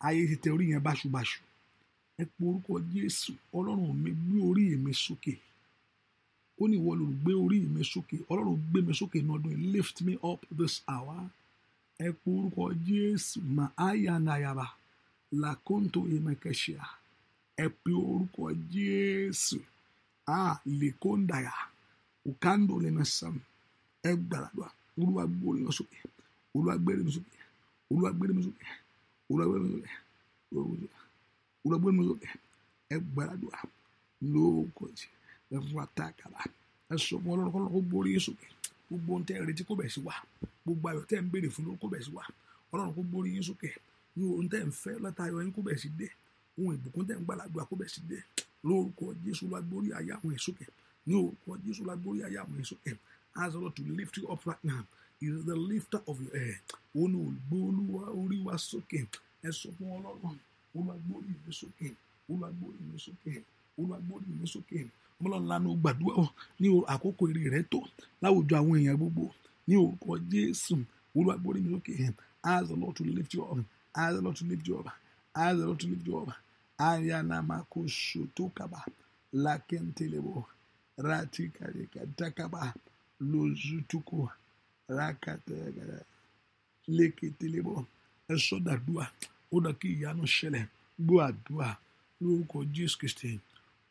ayé ti tẹ orí yẹn báṣubàṣu ẹ pe orúkọ Jésù ọlọ́run mi gbé orí mi sókè ó ní ìwọ lòun gbé orí mi sókè ọlọ́run gbé mi sókè ní ọdún yìí lift me up this hour ẹ kú orúkọ jésù mà áyà nàyàbà làkóńtò ìmẹ̀kẹ̀ṣẹ̀ ẹ pe orúkọ jésù a lèkóńdàyà òkàndò lẹ́nu sàm ẹ gbàdúrà olúwa gbó lẹ́nu sókè olúwa gbé lẹ́nu sókè olúwa gbé lẹ́nu sókè olúwa gbé lẹ́nu sókè olúwa gbé lẹ́nu sókè ẹ gbàdúrà lóòkọ̀ jésù ẹ̀fúnwata kàrà ẹ̀sọ́ ọmọ ọlọ́run kọ́lọ́run kó gbórí yín sókè gbogbo ohun tẹ́ ẹ retí kó bẹ̀ sí wa gbogbo ayọ̀ tẹ́ ẹ ń béèrè fún ló kó bẹ̀ sí wa ọlọ́run kó gbórí yín sókè ní ohun tẹ́ ẹ ń fẹ́ lọ́ta ayọ̀ yín kó bẹ̀ sí dé ohun ìbùkún tẹ́ ẹ ń gbàlagbà kó bẹ̀ sí dé lórúkọ jésù la gbórí ayé àwọn yẹn sókè ní orúkọ jésù la gbórí ayé àwọn yẹn sókè ask the Lord to lift you up right now he is the lifter of your head òun ò gbé olúwa orí wa sókè ẹ sọ fún ọlọ́run olúwa gbórí mi sókè olúwa gbórí mi sókè olúwa gbórí mi sókè bọ́lọ́run lánàá gbàdúrà ọ ní àkókò èrè rẹ tó láwùjọ àwọn èèyàn gbogbo ní orúkọ Jésù Olúwa mi lókè hàn ask the Lord to lift you up ask the Lord to lift you up ask the Lord to lift you up ayanamako sotokaba lakentelebo ratikarekadakaba lozutuko rakatakara leketelebo ẹsọdàdúà ó dà kí ìyanu ṣẹlẹ̀ gbọ́ àdúà lórúkọ Jésù Kristi.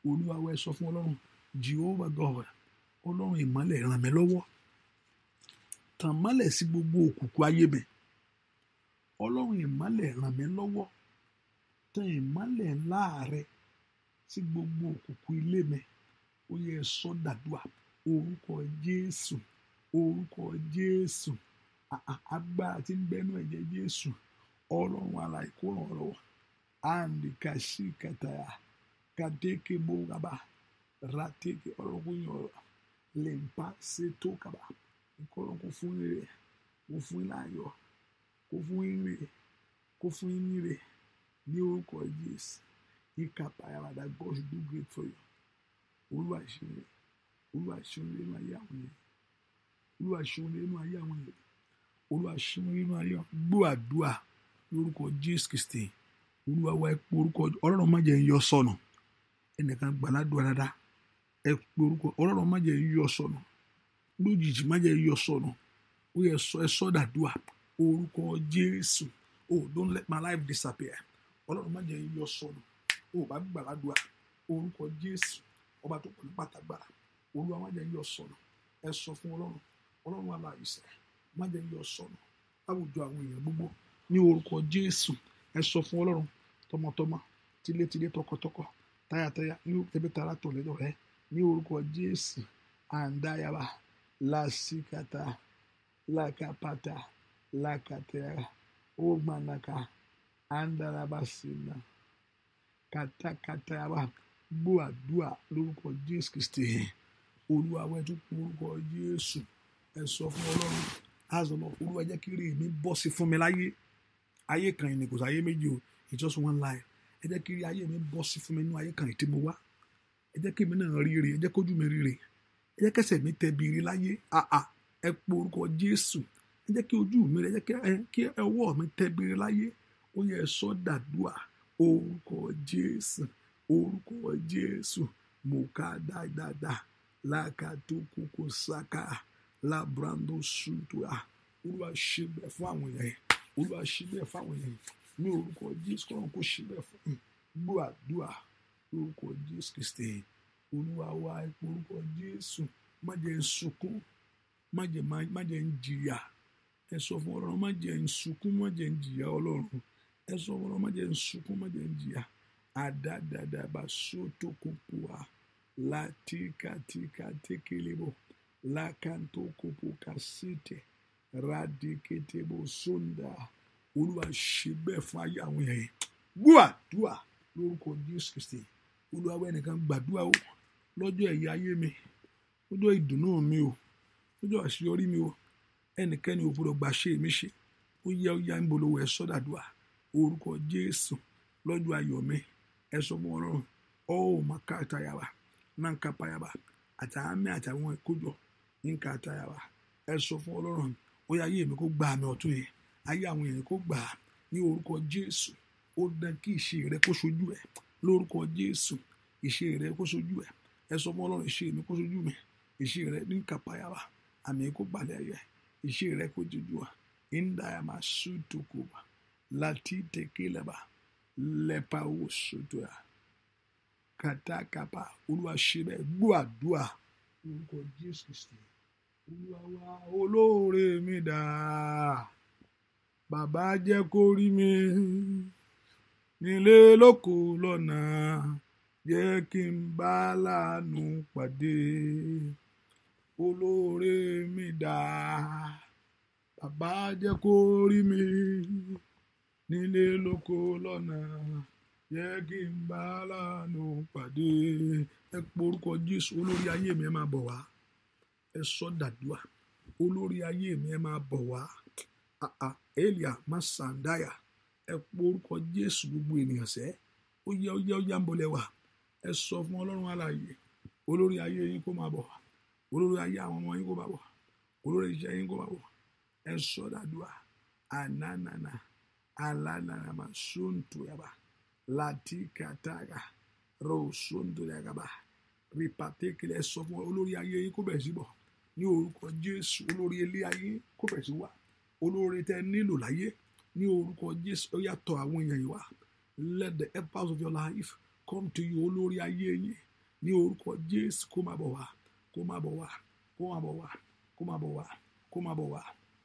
olúwa wẹ sọ fún ọlọ́run jehovah god ọlọ́run ìmọ́lẹ̀ ràn mí lọwọ tàn mọ́lẹ̀ sí gbogbo òkùnkùn ayé mi ọlọ́run ìmọ́lẹ̀ ràn mí lọ́wọ́ tàn gbogbo òkùnkùn ilé mi ó yẹ sọ dàdúrà orúkọ jésù orúkọ jésù agbára tí ń bẹnu jésù kadeke bogaba rateke ọlọ́kùnrin lè seto kaba ìkọlọ́ kò fún rẹ̀ kò fún láyọ̀ kò fún rẹ̀ kò fún rẹ̀ ní orúkọ Jésù ìkàpá yàrá God do great for you olúwa ṣeun olúwa ṣeun nínú ayé àwọn yẹn olúwa ṣeun nínú ayé àwọn yẹn olúwa ṣeun nínú ayé àwọn lórúkọ Jésù Kristi olúwa wá ẹ orúkọ Ọlọ́run má jẹ́ ń yọ sọnù ẹnìkan gbàládùn dáadáa ẹ pe orúkọ ọlọ́run má jẹ́ yíyọ sọnù lójijì má jẹ́ yíyọ sọnù ó yẹ sọ ẹ sọdàdúà orúkọ jésù oh don't let my life disappear ọlọ́run má jẹ́ yíyọ sọnù ó bá gbàládùà orúkọ jésù ọba tó pẹ̀lú pàtàgbàrà olúwa má jẹ́ yíyọ sọnù ẹ sọ fún ọlọ́run ọlọ́run aláàyè sẹ má jẹ́ yíyọ sọnù láwùjọ àwọn èèyàn gbogbo ní orúkọ jésù ẹ sọ fún ọlọ́run tọmọtọmọ tilétilé tọkọtọkọ tayataya yóò tẹbi tara tọ̀ lẹ́dọ̀ rẹ ní orúkọ jésù àǹdáyàbá làṣìkàtà làkàpàtà làkàtàyàrá ògbànàkà àǹdàràbàṣìnà kàtàkàtàyàbá gbọ́ àdúrà lórúkọ jésù kristi olúwa wẹ́n tún kú orúkọ jésù ẹ sọ fún ọlọ́run azọlọ olúwa mi bọ́ sí fún mi láyé ayé kan ìnìkùsọ ayé méjì o it's just one life ẹ jẹ́ kí ayé mi bọ́ sí fún mi nínú ayé kan ètí mo wá ẹ jẹ́ kí mi náà ríre ẹ jẹ́ kójú mi ríre ẹ jẹ́ kẹsẹ̀ mi tẹbi rí láyé àà ẹ po orúkọ Jésù ẹ jẹ́ kí ojú mi rẹ ẹ jẹ́ kí ọwọ́ mi tẹbi rí láyé ó yẹ sọ dàdúà orúkọ Jésù orúkọ Jésù mo ká dáadáa láàkàtó kókó sáká lábrando sùtúà olúwa ṣe bẹ́ẹ̀ fún àwọn èèyàn yẹn olúwa fún àwọn èèyàn ní orúkọ jésù kọ́ńkó sílẹ̀ fún mi gbọ́ àdúrà lórúkọ jésù kristi olúwa wa ipò orúkọ jésù má jẹ́ ń sunkún má jẹ́ má jẹ́ ń jìyà ẹ sọ fún ọlọ́run má jẹ́ ń sunkún má jẹ́ ń jìyà ọlọ́run ẹ sọ fún ọlọ́run má ń sunkún má ń jìyà àdádàdàbà sótókòpò wa látìkàtìkàtìkìlìbò lákàntókòpò kàsìtẹ̀ rádìkìtìbò sóńdà olúwa ṣe bẹ́ẹ̀ fún ayé àwọn èèyàn yẹn gbúà dúà lórúkọ jésù kristi olúwa wẹ́ nìkan gbàdúà o lọ́jọ́ ẹ̀yà ayé mi lọ́jọ́ ìdùnnú mi o lọ́jọ́ àṣeyọrí mi o ẹnikẹ́ni ò gbọdọ̀ gbà ṣe èmi ṣe ó yẹ ó yá ń bolówó ẹ sọ́dà dúà orúkọ jésù lọ́jọ́ ayọ̀ mi ẹ sọ fún ọlọ́run ọ́ọ́ màkà àtàyàwá náà kápáyàwá àtàámì àtàwọn ìkójọ ní kàtàyàwá ẹ sọ fún ọlọ́run ó yá ayé mi kó gba àmì ọ̀tún yẹn ayé àwọn èèyàn kó gbà á ní orúkọ jésù ó dán kí ìṣe rẹ kó ṣojú ẹ lórúkọ jésù ìṣe rẹ kó ṣojú ẹ ẹ sọ fún ọlọ́run ìṣe mi kó ṣojú mi ìṣe rẹ ní kàpáyàwá àmì kó balẹ̀ ayẹ ìṣe rẹ kó jojú wa indayama sutukuba láti tekeleba lẹ́pàwó sotoya katakapa olúwa ṣe bẹ́ẹ̀ gbọ́ àdúrà orúkọ jésù kristi olúwa wa olóore mi dáa. bàbá jẹ́ kó rí mi nílé lóko lọ́nà jẹ́ kí n bá láàánú pàdé olóore mi dá bàbá jẹ́ kó rí mi nílé lóko lọ́nà jẹ́ kí n bá láàánú pàdé ẹ porúkọ Jésù olórí ayé mi ẹ máa bọ̀ wá ẹ sọ dàdúà olórí ayé mi ẹ máa bọ̀ wá. Uh-uh. elia masandaya ẹ po orúkọ jésù gbogbo ènìyàn sẹ ó yẹ ó yẹ ó yá wa bọlẹ wá ẹ sọ fún ọlọ́run alààyè olórí ayé yín kó máa bọ̀ olórí ayé àwọn ọmọ yín kó máa bọ̀ olórí iṣẹ́ yín kó máa bọ̀ ẹ sọ dàdúrà ànánànà alánànàmà sóńtòyàbà látìkàtàkà rọ sóńtòyàgàbà rìpàtẹ́kìlẹ̀ ẹ sọ fún olórí ayé yín kó bẹ̀ sí bọ̀ ní orúkọ jésù olórí ilé ayé kó bẹ̀ sí wá olóore tẹ nílò láyé ní orúkọ Jésù ó yàtọ̀ àwọn èèyàn yìí wá let the helpers of your life come to you olórí ayé yín ní orúkọ Jésù kó máa bọ̀ wá kó máa bọ̀ wá kó máa bọ̀ wá kó máa bọ̀ wá kó máa bọ̀ wá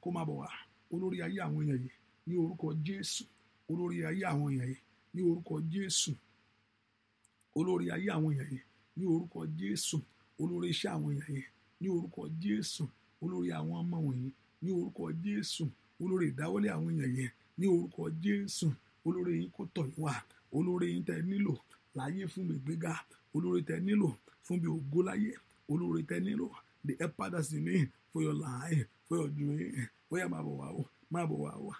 kó máa bọ̀ wá olórí ayé àwọn èèyàn yìí ní orúkọ Jésù olórí ayé àwọn èèyàn yìí ní orúkọ Jésù olórí ayé àwọn èèyàn yìí ní orúkọ Jésù olórí iṣẹ́ àwọn èèyàn yìí ní orúkọ Jésù olórí àwọn ọmọ wọ̀nyí ní orúkọ jésù olórí ìdáwọ́lé àwọn èèyàn yẹn ní orúkọ jésù olórí yín kó tọ̀ yín wá olórí yín tẹ nílò láyé fún mi gbéga olórí tẹ nílò fún bí ògo láyé olórí tẹ nílò the helper in me for your life for your dream ó yá máa bọ̀ wá o máa bọ̀ wá o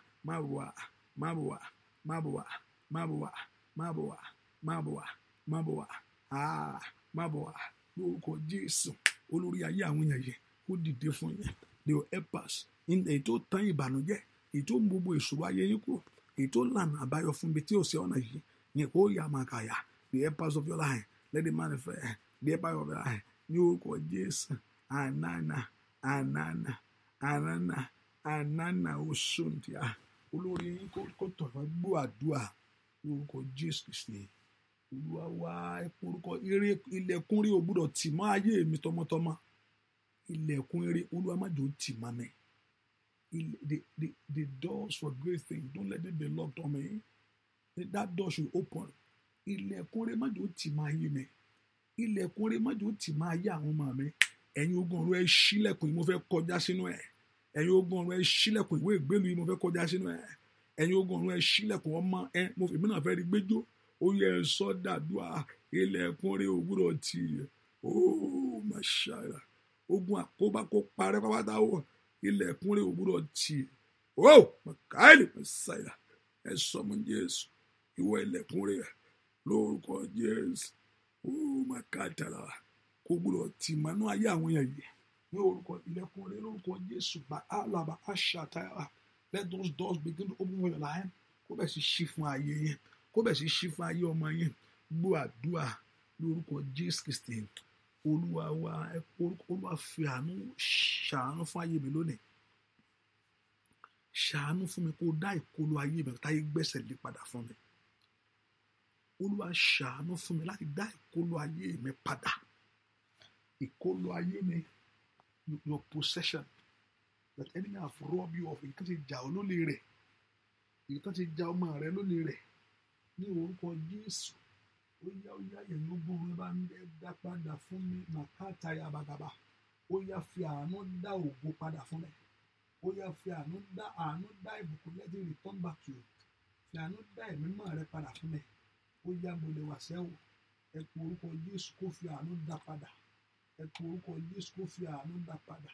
máa bọ̀ wá máa bọ̀ wá máa bọ̀ wá máa bọ̀ wá máa bọ̀ wá máa bọ̀ wá máa bọ̀ wá máa bọ̀ wá lórúkọ jésù olórí ayé àwọn èèyàn yẹn kó dìde fún yẹn they will help us èyí tó tán ìbànújẹ́ èyí tó mú gbogbo ìṣòro ayé yín kúrò èyí tó lànà àbáyọ fún mi tí ò sí ọ̀nà yìí ní kó yà máa kàyà the helpers of your life let the man fẹ́ the helpers of your life ní orúkọ Jésù ànánà ànánà ànánà ànánà oṣooṣìà olórí yín kó tọ̀ ọ́ gbọ́ àdúrà ní orúkọ Jésù Kristi olúwa wá orúkọ ilẹ̀kùn rí o gbọ́dọ̀ tì mọ́ ayé mi tọmọtọmọ ilẹ̀kùn eré olúwa má jò tì má mi the the the doors for great things don't let them be locked on me that door should open ilẹ̀kùn eré má jò tì má yé mi ilẹ̀kùn eré má jò tì má yé àwọn ọmọ mi ẹ̀yin ogun ọ̀rọ̀ ẹ ṣílẹ̀kùn yìí mo fẹ́ kọjá sínú ẹ̀ ẹ̀yin ogun ọ̀run ẹ ṣílẹ̀kùn ìwé ìgbélu yìí mo fẹ́ kọjá sínú ẹ̀ ẹ̀yin ogun ọ̀run ẹ ṣílẹ̀kùn ọmọ ẹ mo fèmí náà fẹ́ rí gbẹ́jọ́ ó yẹ ẹ sọ ilẹ̀kùn rẹ òwúrọ̀ tì í ó máa ogun àkóbá kó parẹ́ pápátá wọ̀ ilẹ̀kùn rẹ̀ òwúrọ̀ tì ó mọ̀káìlì mọ̀sáìlà ẹ sọmọ jésù ìwọ ilẹ̀kùn rẹ̀ lórúkọ jésù ó mọ̀kátàlà kó gbúdọ̀ tì mọ́nú ayé àwọn èèyàn yìí ní orúkọ ilẹ̀kùn rẹ̀ lórúkọ jésù bá alaba aṣàtàlà let those doors begin to open for your life kó bẹ̀ sí ṣí fún ayé yẹn kó bẹ̀ sí ṣí fún ayé ọmọ yẹn gbọ́ àdúrà lórúkọ jésù kristi olúwa wa olúwa fi àánú ṣàánú fún ayé mi lónìí ṣàánú fún mi kó dá ìkolo ayé mi táyé gbẹ́sẹ̀ lé padà fún mi olúwa ṣàánú fún mi láti dá ìkolo ayé mi padà ìkolo ayé mi your possession that enemy have rob you of èyí tó ti jà ọ́ lólè rẹ̀ èyí tó ti jà ọmọ rẹ̀ lólè rẹ̀ ní orúkọ Jésù Oya oya ó yá yẹn lógún orin bá ń dá padà fún mi màkàtà ya bàgàbà oya fi àánú dá ògo padà fún mi ó fi àánú dá àánú dá ìbùkún lẹ́dí return back to you fi àánú dá ìmímọ́ rẹ padà fún mi ó yá mo lè wà sẹ́wọ̀ ẹ kú orúkọ Jésù kó fi àánú dá padà ẹ kú orúkọ Jésù kó fi àánú dá padà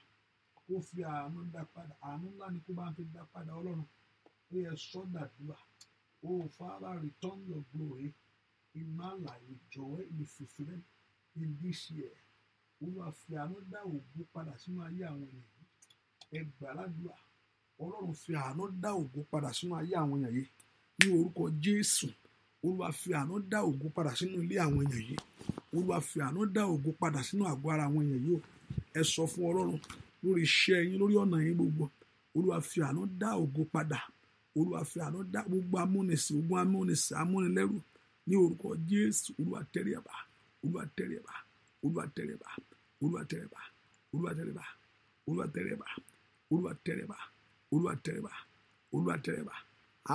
kó fi àánú dá padà àánú ńlá ni kó bá ń fi dá padà Ọlọ́run ó yẹ sọ́dà dùwà oh Father return your glory in my life with joy in his fulfillment in this year. Olúwa fi àánú dá ògo padà sínú ayé àwọn ènìyàn yìí. Ẹ gbà ládùúrà. Ọlọ́run fi àánú dá ògo padà sínú ayé àwọn èèyàn yìí. Ní orúkọ Jésù, Olúwa fi àánú dá ògo padà sínú ilé àwọn èèyàn yìí. Olúwa fi àánú dá ògo padà sínú àgọ́ ara àwọn èèyàn yìí o. Ẹ sọ fún Ọlọ́run lórí iṣẹ́ yín lórí ọ̀nà yín gbogbo. Olúwa fi àánú dá ògo padà. Olúwa fi àánú gbogbo amúnisìn, gbogbo amúnisìn, amúnilẹ́rù ní orúkọ jésù olúwa tẹríba olúwa tẹríba olúwa tẹríba olúwa tẹríba olúwa tẹríba olúwa tẹríba olúwa tẹríba olúwa tẹríba olúwa tẹríba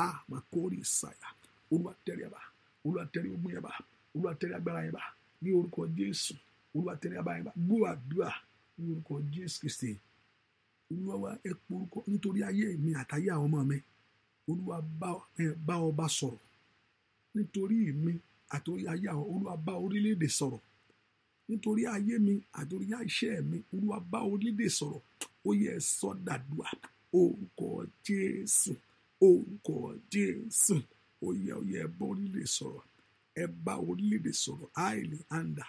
a máa kórè ìsàyà olúwa tẹríba olúwa tẹrí ogun yẹn bá olúwa tẹrí agbára yẹn bá ní orúkọ jésù olúwa tẹrí agbára yẹn bá gbọ́ àdúrà ní orúkọ jésù kìsì olúwa ẹ porúkọ nítorí ayé mi àtàyé àwọn ọmọ mi olúwa bá ọba sọ̀rọ̀ nítorí mi àtòrí ayé àwọn olúwa bá orílẹ̀-èdè sọ̀rọ̀ nítorí ayé mi àtòrí iṣẹ́ mi olúwa bá orílẹ̀-èdè sọ̀rọ̀ ó yẹ sọ dàdúà orúkọ jésù orúkọ jésù ó yẹ ó yẹ bá orílẹ̀-èdè sọ̀rọ̀ ẹ bá orílẹ̀-èdè sọ̀rọ̀ àìlè àǹdà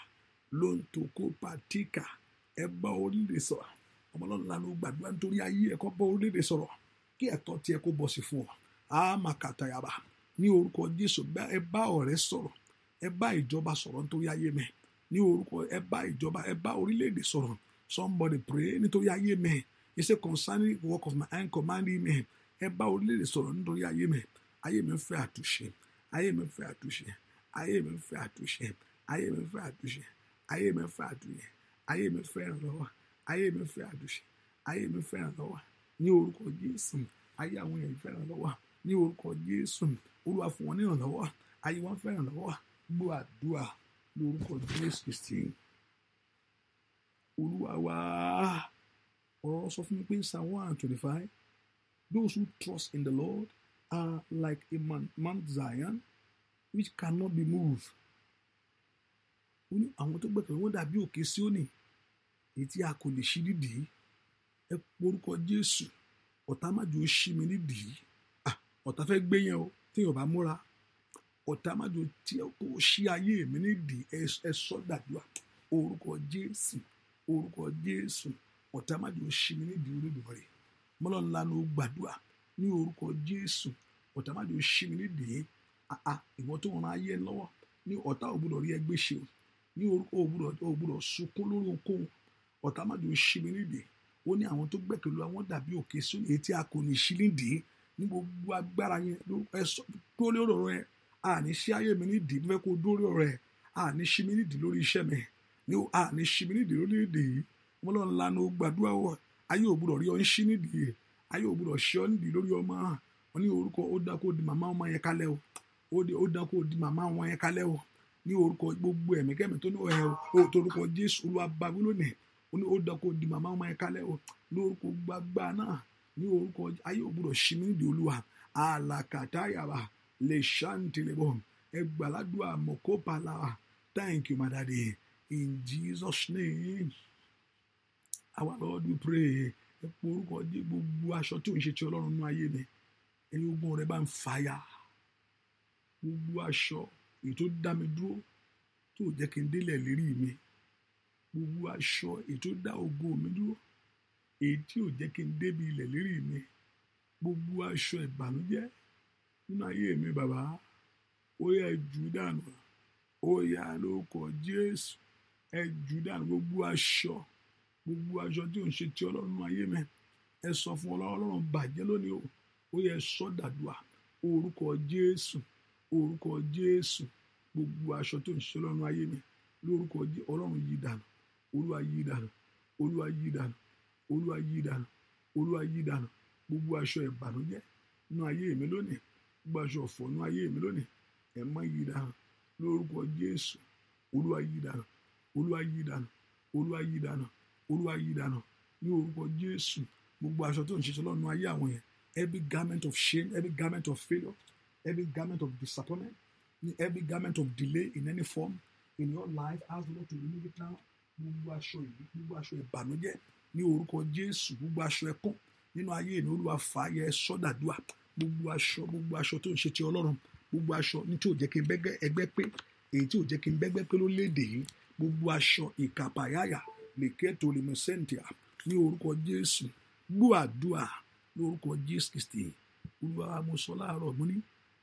ló ń toko patika ẹ bá orílẹ̀-èdè sọ̀rọ̀ ọmọlọ́run lanu gbàdúrà nítorí ayé ẹ bá orílẹ̀-èdè sọ̀rọ̀ kí ẹ̀tọ́ tiẹ̀ kó bọ̀ sí fún ọ àmàkàtàyàbà ní orúkọ Jésù ẹ bá ọ̀rẹ́ sọ̀rọ̀ ẹ bá ìjọba sọ̀rọ̀ nítorí ayé mi ní orúkọ ẹ bá ìjọba ẹ bá orílẹ̀-èdè sọ̀rọ̀ somebody pray nítorí ayé mi he say concerning the work of my hand commanding me ẹ bá orílẹ̀-èdè sọ̀rọ̀ nítorí ayé mi ayé mi fẹ́ àtúnṣe ayé mi fẹ́ àtúnṣe ayé mi fẹ́ àtúnṣe ayé mi fẹ́ àtúnṣe ayé mi fẹ́ àtúnṣe ayé mi fẹ́ ìrànlọ́wọ́ ayé mi fẹ́ àtúnṣe ayé mi fẹ́ ìrànlọ́wọ́ ní orúkọ Jésù ayé àwọn èèyàn fẹ́ ìrànlọ́wọ́ ní orúkọ Jésù olúwa fún wọn ní ìrànlọ́wọ́ ayé wọn fẹ́ ìrànlọ́wọ́ gbọ́ àdúrà lórúkọ Jésù Kristi olúwa wá ọ̀rọ̀ sọ fún mi pé psalm one twenty five those who trust in the Lord are like a man Mount Zion which cannot be moved ó ní àwọn tó gbẹ̀kẹ̀lé wọn dàbí òkè Síónì èyí tí a kò lè ṣí nídìí ẹ porúkọ Jésù ọ̀tá má jò ó ṣí mi nídìí ọ̀tá fẹ́ gbé yẹn o téèyàn bá múra ọ̀tá májò tí kò ṣí ayé mi nídìí ẹ sọ dàdúrà orúkọ jésù orúkọ jésù ọ̀tá májò ṣí mi nídìí olódùmarè mọ́lọ́nlá ló gbàdúrà ní orúkọ jésù ọ̀tá májò ṣí mi nídìí àà ìwọ tó ń ran ayé lọ́wọ́ ní ọ̀tá ògbúdọ̀ rí ẹgbẹ́ ṣe o ní orúkọ ògbúdọ̀ sunkún lórí ohunkóhun ọ̀tá májò ṣí mi nídìí ó ní àwọn tó gbẹ́kẹ̀lé àwọn dàbí òkè sóni ní gbogbo agbára yẹn ẹ sọ dúró lórí ọ̀rọ̀ rẹ àní sí ayé mi nídìí mo fẹ́ kó dúró lórí ọ̀rọ̀ rẹ àní sí mi nídìí lórí iṣẹ́ mi ní àní sí mi nídìí lórí èdè yìí mo lọ́n lanu gbàdúrà wọ̀ ayé ògbúdọ̀ rí ọ ń sí nídìí yẹ ayé ògbúdọ̀ sí ọ nídìí lórí ọmọ wọn ní orúkọ ó dá kó di màmá ọmọ yẹn kalẹ̀ o ó dá kó di màmá ọmọ yẹn kalẹ̀ o ní orúkọ gbogbo ẹ̀mí kẹ́mi tó ní ọ̀hẹ́ o torúkọ Jésù Olúwa babilóni ó ní ó dá kó di màmá ọmọ yẹn kalẹ̀ o lórúkọ gbàgbà náà ní orúkọ ayé ògbúdọ̀ ṣí mi nídìí olúwa àlàkàtàyàbà lè ṣàǹtìlẹ̀bọ̀ ẹgbàládùá mọ̀kópàlà thank you my daddy in Jesus name our Lord we pray ẹ pé orúkọ dé gbogbo aṣọ tí ò ń ṣe ti ọlọ́run nú ayé mi ẹni ogun rẹ bá ń fàyà gbogbo aṣọ èyí tó dá mi dúró tó jẹ́ kí n délẹ̀ lérí mi gbogbo aṣọ èyí tó dá ògo mi dúró èyí tí ò jẹ́ kí n débi ilẹ̀ lérí mi gbogbo aṣọ ìbànújẹ́ nínú ayé mi bàbá ó yá ẹ jù dànù ó yá lórúkọ Jésù ẹ jù dànù gbogbo aṣọ gbogbo aṣọ tí ò ń ṣe ti Ọlọ́run nínú ayé mi ẹ sọ fún Ọlọ́run bàjẹ́ lónìí o ó yá ẹ sọ dàdúà orúkọ Jésù orúkọ Jésù gbogbo aṣọ tó ń ṣe Ọlọ́run ayé mi lórúkọ Ọlọ́run yí dànù Olúwa yí dànù Olúwa yí dànù olúwa yí dànù olúwa yí dànù gbogbo aṣọ ìbànújẹ́ nú ayé mi lónìí gbogbo aṣọ ọ̀fọ̀ nú ayé mi lónìí ẹ má yí dànù lórúkọ jésù olúwa yí dànù olúwa yí dànù olúwa yí ní orúkọ jésù gbogbo aṣọ tó ń ṣiṣẹ́ lọ́nu ayé àwọn yẹn every garment of shame every garment of failure every garment of disappointment every garment of delay in any form in your life ask the Lord to remove it now gbogbo aṣọ yìí gbogbo aṣọ ìbànújẹ́ ní orúkọ jésù gbogbo aṣọ ẹkún nínú ayé ìní olúwa fàáyà ẹsọ dàdúà gbogbo aṣọ gbogbo aṣọ tó ń ṣe ti ọlọ́run gbogbo aṣọ ní tí ò jẹ́ kí n bẹ́gbẹ́ ẹgbẹ́ pé èyí tí ò jẹ́ kí n bẹ́gbẹ́ pé lórílẹ̀‐èdè yìí gbogbo aṣọ ìkàpàyàyà lèkẹ́tò lèmọ̀sẹ́ǹtìà ní orúkọ jésù gbúàdúà ní orúkọ jésù kìstì olúwa mo sọ láàárọ̀ mo ní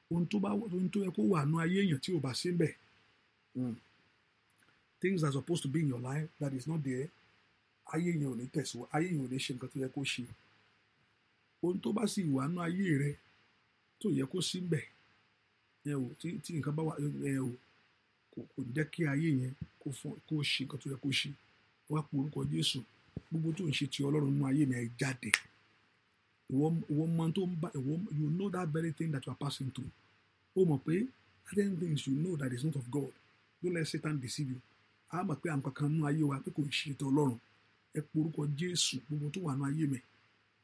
ohun tó bá ohun tó yẹ kó wà nú ayé èèyàn tí ò bá sí ń bẹ̀ hmm, things that are supposed to be in your life that is not there ayé yẹn ò ní tẹ̀síwá ayé yẹn ò ní ṣe nǹkan tó yẹ kó ṣe ohun tó bá sì wà nú ayé rẹ tó yẹ kó sí mbẹ ẹ o tí tí nǹkan bá wà ẹ o kò kò jẹ́ kí ayé yẹn kó fún kó ṣe nǹkan tó yẹ kó ṣe wá pé orúkọ Jésù gbogbo tó ń ṣe ti Ọlọ́run nú ayé mi jáde ìwọ ìwọ mọ tó ń bá ìwọ you know that very thing that you are passing through ó mọ̀ pé certain things you know that is not of God don't let Satan deceive you a mọ̀ pé àwọn kankan nú ayé wa pé kò ń ṣe ti Ọlọ́run ẹ porúkọ jésù gbogbo tó wà ní ayé mi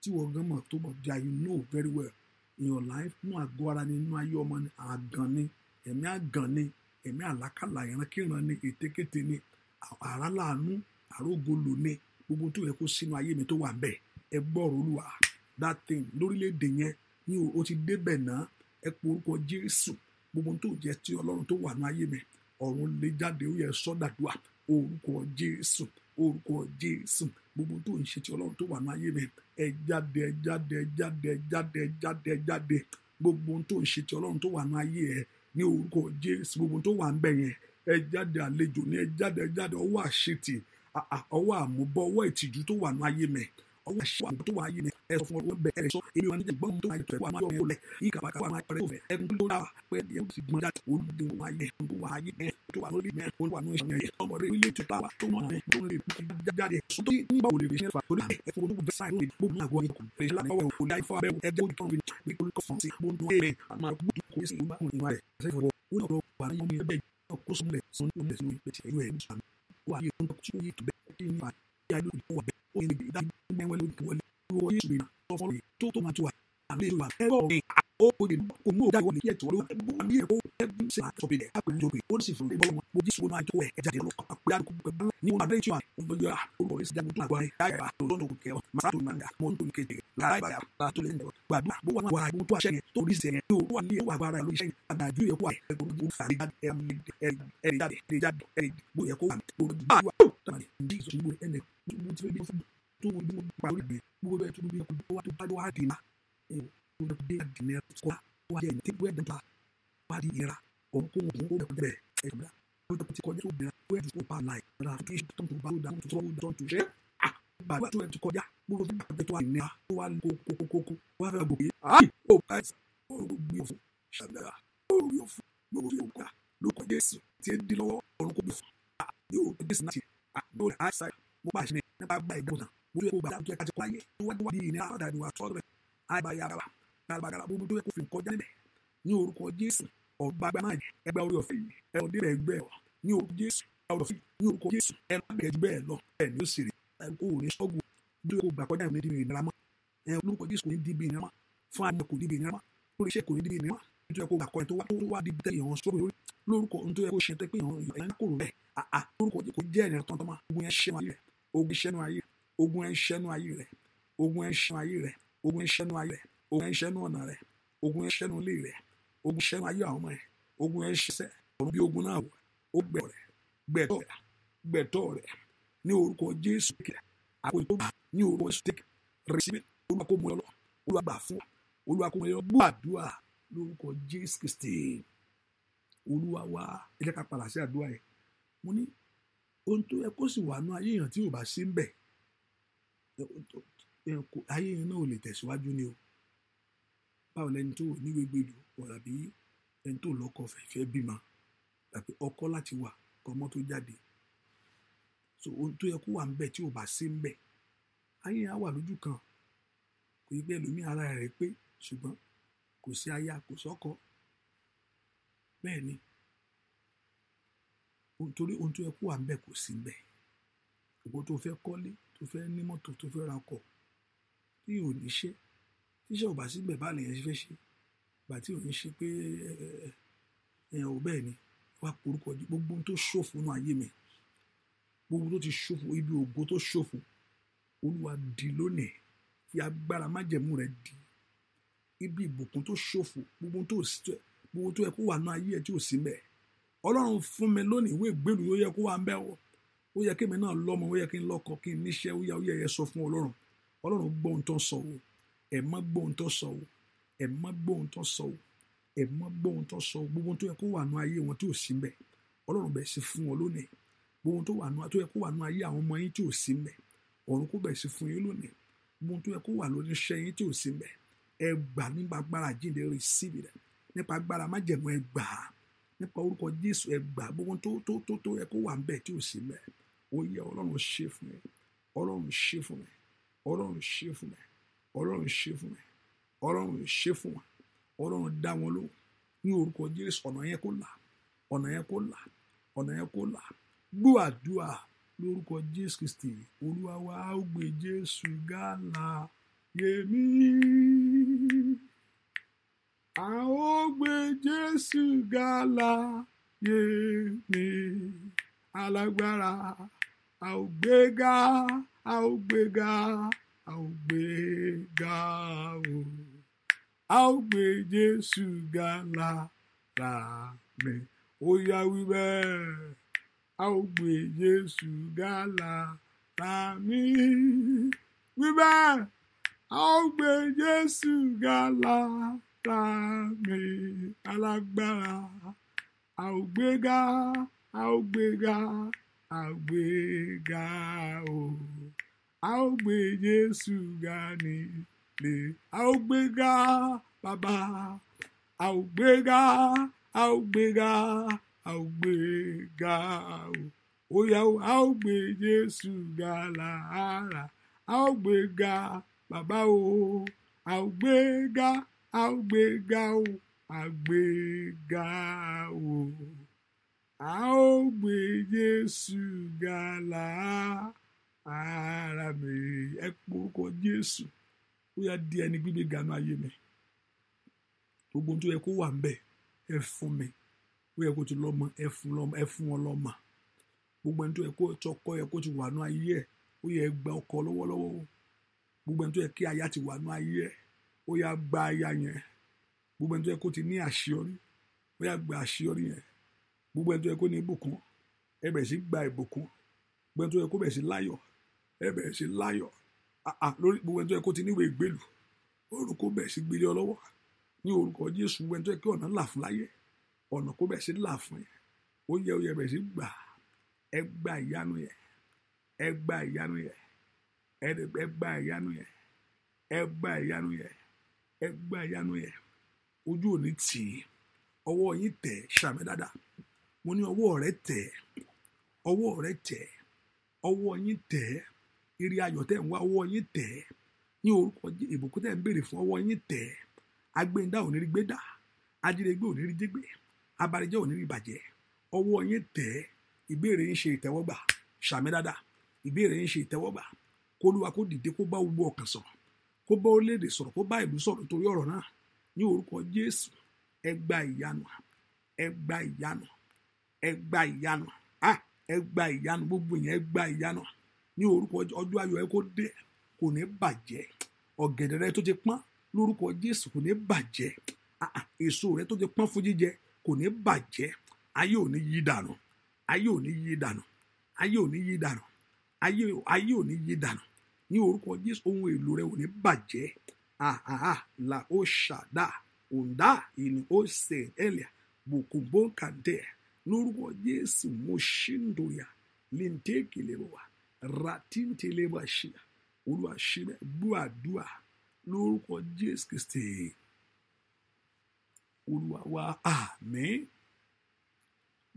tí wọ́n gan mọ̀ tó mọ̀ that you know very well in your life nínú àgọ́ ara ni nínú ayé ọmọ ni àgàn ni ẹ̀mí àgàn ni ẹ̀mí àlákàlà ìrankíran ni ètekéte ni àrá láàánú àrógolo ni gbogbo tó yẹ kó sínú ayé mi tó wà bẹ́ẹ̀ ẹ gbọ́rọ̀ olúwa that thing lórílẹ̀‐èdè yẹn ni o ti débẹ̀ náà ẹ porúkọ jésù gbogbo tó jẹ́ ti ọlọ́run tó wà ní ayé mi ọ̀run lè jáde ó yẹ sọ́dàdúà orúkọ jésù orúkọ jésù gbogbo tó ń ṣe ti ọlọ́run tó wà ní ayé rẹ ẹ jáde ẹ jáde ẹ jáde ẹ jáde ẹ jáde ẹ jáde gbogbo tó ń ṣe ti ọlọ́run tó wà ní ayé ẹ ní orúkọ jésù gbogbo tó wà ń bẹ yẹn ẹ jáde àlejò ní ẹ jáde ẹ jáde ọwọ́ àṣetì ọwọ́ àmúbọ ọwọ́ ìtìjú tó wà ní ayé mẹ́ẹ̀ àwọn àṣìwà tó wà ayé ni ẹ sọ fún ọdún bẹ́ẹ̀ ẹ sọ èmi wà níjà gbọ́n tó máa jẹ wà máa yọ ọ̀rẹ́ lẹ̀ yíkà bàkà wà máa pẹ̀rẹ́ òfẹ́ ẹkún tó dáa pé ẹ ti gbọ́n jáde olùdè wà ayé tó wà ayé ẹ tó wà lórí mẹ olùwà ní ìṣẹ̀lẹ̀ yẹ ọmọ rẹ ilé tó táwa tó náà rẹ tó lè kú jáde sọ tó nígbà wò lè rí ṣẹlẹ̀ fàtó náà ẹ ó yẹ lè gbèrú dájú ó gbẹ́ wẹ́lẹ́ ó wọlé ó wọlé ìṣòro tó fọ́ọ̀rọ̀ tó tó máa tó wà àlejò àtẹ́gbọ́ ọ̀rẹ́ ó oyè kò mú òdà mo jí sùn máa jọ tó wá tó bá wá dì una poder admirar kwa wa ye ti we da pa di ira o ko mo ko be be e da ko to ti ko ni obi we du ko pa lai ra ki to to ba o da to to to se ah ba wa to e ti ko ya mo ro be to ani to wa ko ko ko ko wa ra go bi ah o ba o bi o shabara o bi o fu mo bi o ka lo ko Jésù ti e di lọ́wọ́ orun ko bi fu ah yo Jésù na ti ah do ai sai mo ba se ni ba gba idan mo ko ba to e ka ti ko aye to wa di ni a da ni wa to be àgbàyàgbà gbàgbàgbà gbogbo tó yẹ kó fi nǹkan já níbẹ̀ ní orúkọ jésù ọ̀gbàgbà máa jẹ ẹgbẹ́ orí ọ̀fẹ́ yìí ẹ̀rọ dé rẹ̀ gbẹ́ ọ ní orúkọ jésù ẹ̀rọ ọ̀fẹ́ ní orúkọ jésù ẹ̀rọ àgbẹ̀ jù bẹ́ẹ̀ lọ ẹ̀ ní òṣèré kò ní sọ́gù bí o gbà kọjá ìwé níbi ìnira jésù kò ní di ibi ìnira mọ́ fún àgbẹ̀ kò ní di ìnira mọ́ lórí iṣẹ́ kò ní di ìnira mọ́ nítorí kò gbà kọjá tó wá ogun iṣẹ́ nu ayé rẹ̀ ogun iṣẹ́ nu ọ̀nà rẹ̀ ogun iṣẹ́ nu ilé rẹ̀ ogun iṣẹ́ nu ayé àwọn ọmọ rẹ̀ ogun iṣẹ́ sẹ́ ọ̀run bí ogun náà wọ̀ ó gbẹ̀ rẹ̀ gbẹ̀tọ̀ rẹ̀ gbẹ̀tọ̀ rẹ̀ ní orúkọ Jésù kìlẹ̀ àkójọ ní orúkọ Jésù tẹ̀kì rẹ̀síbí Olúwa kó fún wa ẹ jẹ́ ká padà sí ayé yẹn náà ò lè tẹ̀síwájú ni o báwo lẹni tó níwèé gbèlú ọ̀rọ̀ àbí ẹni tó lọ́kọ fẹ́ fẹ́ bímọ tàbí ọkọ láti wà kọ́mọ́ tó jáde so ohun tó yẹ kó wà ń bẹ̀ tí ò bá sí ń bẹ̀ ayé yẹn á wà lójú kan kò yí pé ẹlòmíì ara rẹ̀ pé ṣùgbọ́n kò sí aya kò sọ́kọ bẹ́ẹ̀ ni torí ohun tó yẹ kó wà ń bẹ̀ kò sí ń bẹ̀ òkú tó fẹ́ kọ́lé tó fẹ́ ní mọ́tò tó fẹ́ ra ọkọ̀ tí ò ní ṣe tíṣẹ́ ò bá síbẹ̀ bá lèyàn ṣe fẹ́ ṣe gbà tí ò ní ṣe pé ẹ̀yàn ò bẹ́ẹ̀ ni wá porúkọ jù gbogbo tó ṣòfò nínú ayé mi gbogbo tó ti ṣòfò ibi ògo tó ṣòfò olúwa di lónìí fi agbára májẹ̀mú rẹ̀ di ibi ìbùkún tó ṣòfò gbogbo tó gbogbo tó yẹ kó wà nínú ayé ẹ̀ tí ò sí mẹ́ ọlọ́run fún mi lónìí ìwé ìgbélú yóò yẹ kó wà ń bẹ́ wọ̀ ó yẹ kí èmi náà lọ́mọ ó yẹ kí n lọ́kọ kí n níṣẹ́ ó yẹ ó yẹ yẹ sọ fún ọlọ́run ọlọ́run gbọ́ ohun tó ń sọ o ẹ má gbọ́ ohun tó sọ o ẹ má gbọ́ ohun tó sọ o ẹ má gbọ́ ohun tó sọ o gbogbo ohun tó yẹ kó wà nù ayé wọn tí ò sí mbẹ ọlọ́run bẹ̀ sí fún wọn lónìí gbogbo ohun tó wà nù tó yẹ kó wà nù ayé àwọn ọmọ yín tí ò sí mbẹ ọ̀run kó bẹ̀ sí fún yín lónìí gbogbo ohun tó yẹ kó wà lónìí iṣẹ́ yín tí ò sí mbẹ ẹ gbà nípa agbára jíǹde receive rẹ nípa agbára májẹ̀mú ẹ gbà nípa orúkọ jésù ẹ gbà gbogbo tó tó tó tó yẹ kó wà ń tí ò sí mbẹ ó yẹ ọlọ́run ṣe fún ẹ ọlọ́run ṣe fún ẹ ọlọ́run ṣe fún mi ọlọ́run ṣe fún mi ọlọ́run ṣe fún wa ọlọ́run dá wọn lóhùn ní orúkọ jésù ọ̀nà yẹn kó là ọ̀nà yẹn kó là ọ̀nà yẹn kó là gbọ́ àdúrà lórúkọ jésù kristi olúwa wa jésù gàlà yèmí a ó jésù gàlà yèmí alágbára a ó gbéga a ó gbéga a ó gbéga o a ó gbé Jésù ga lára mi ó yá wí bẹ́ẹ̀ a ó gbé Jésù ga lára mi wí bẹ́ẹ̀ Jésù ga lára alágbára a ó àgbéga o a ó gbé Jésù ga nílé a ó gbéga bàbá a ó gbéga a ó gbéga a ó gbéga o ó yá o a ó gbé ga làárà a ó gbéga bàbá o a ó gbéga a ó gbéga o àgbéga o a ó gbé Jésù gàlà ara mi ẹ porúkọ Jésù ó yá di ẹni gbígbé ganu ayé mi gbogbo tó yẹ kó wà nbẹ ẹ fún mi ó yẹ kó ti lọ́mọ ẹ fún lọ́mọ ẹ fún wọn lọ́mọ gbogbo ẹni tó yẹ kó tọkọ yẹ kó ti wà nú ayé ẹ ó yẹ gba ọkọ lọ́wọ́lọ́wọ́ gbogbo tó yẹ kí aya ti wà nú ayé ẹ ó yá gba aya yẹn gbogbo tó yẹ kó ti ní àṣeyọrí ó yá gba àṣeyọrí yẹn gbogbo ẹni tó yẹ kó ní ìbùkún ẹ bẹ̀rẹ̀ sí gba ìbùkún gbogbo ẹni tó yẹ kó bẹ̀rẹ̀ sí láyọ̀ ẹ bẹ̀rẹ̀ sí láyọ̀ lórí gbogbo ẹni tó yẹ kó ti níwèé gbèlú orúkọ bẹ̀rẹ̀ sí gbélé ọ lọ́wọ́ ní orúkọ Jésù gbogbo ẹni tó yẹ kí ọ̀nà là fún láyé ọ̀nà kó bẹ̀rẹ̀ sí là fún yẹn ó yẹ ó yẹ bẹ̀rẹ̀ sí gbà ẹ gba ìyanu yẹn ẹ gba ìyanu yẹn ẹ gba ìyanu yẹn ẹ gba ìyanu yẹn ẹ gba ìyanu yẹn ojú òní tì í ọwọ́ yín tẹ̀ ṣàmì dáadáa. mo ní ọwọ́ rẹ tẹ̀ ọwọ́ rẹ tẹ̀ ọwọ́ yín tẹ̀ eré ayọ̀ tẹ̀ ń wá ọwọ́ yín tẹ̀ ní orúkọ ìbùkún tẹ̀ ń béèrè fún ọwọ́ yín tẹ̀ agbẹ́ndá ò ní rí gbé dà ajínigbé ò ní rí jégbé abarijẹ́ ò ní rí bàjẹ́ ọwọ́ yín tẹ̀ ìbéèrè yín ṣe ìtẹ́wọ́gbà dáadáa ìbéèrè yín ṣe ìtẹ́wọ́gbà kólúwa dìde kó bá ọkàn sọ̀rọ̀ kó ẹ gba ìyanu ẹ gba ìyanu gbogbo yẹn ẹ gba ìyanu ní orúkọ ọjọ́ ayọ̀ ẹ kó dé kò ní bàjẹ́ ọ̀gẹ̀dẹ̀ rẹ tó ti pọ́n lórúkọ Jésù kò ní bàjẹ́ èso rẹ tó ti pọ́n fún jíjẹ kò ní bàjẹ́ ayé ò ní yí dànù ayé ò ní yí dànù ayé ò ní yí dànù ayé ò ní yí dànù ní orúkọ Jésù ohun èlò rẹ ò ní bàjẹ́ la ó ṣàdá òǹdá ìní ó sè ẹlẹ bùkún bó ń kà dé lórúkọ jésù mo ṣíndòyà lèǹtẹ́kẹ̀lẹ́wà ràtíntẹ́lẹ́wà ṣíà olúwa ṣíbẹ̀ gbúàdúà lórúkọ jésù kristi olúwa wa àmín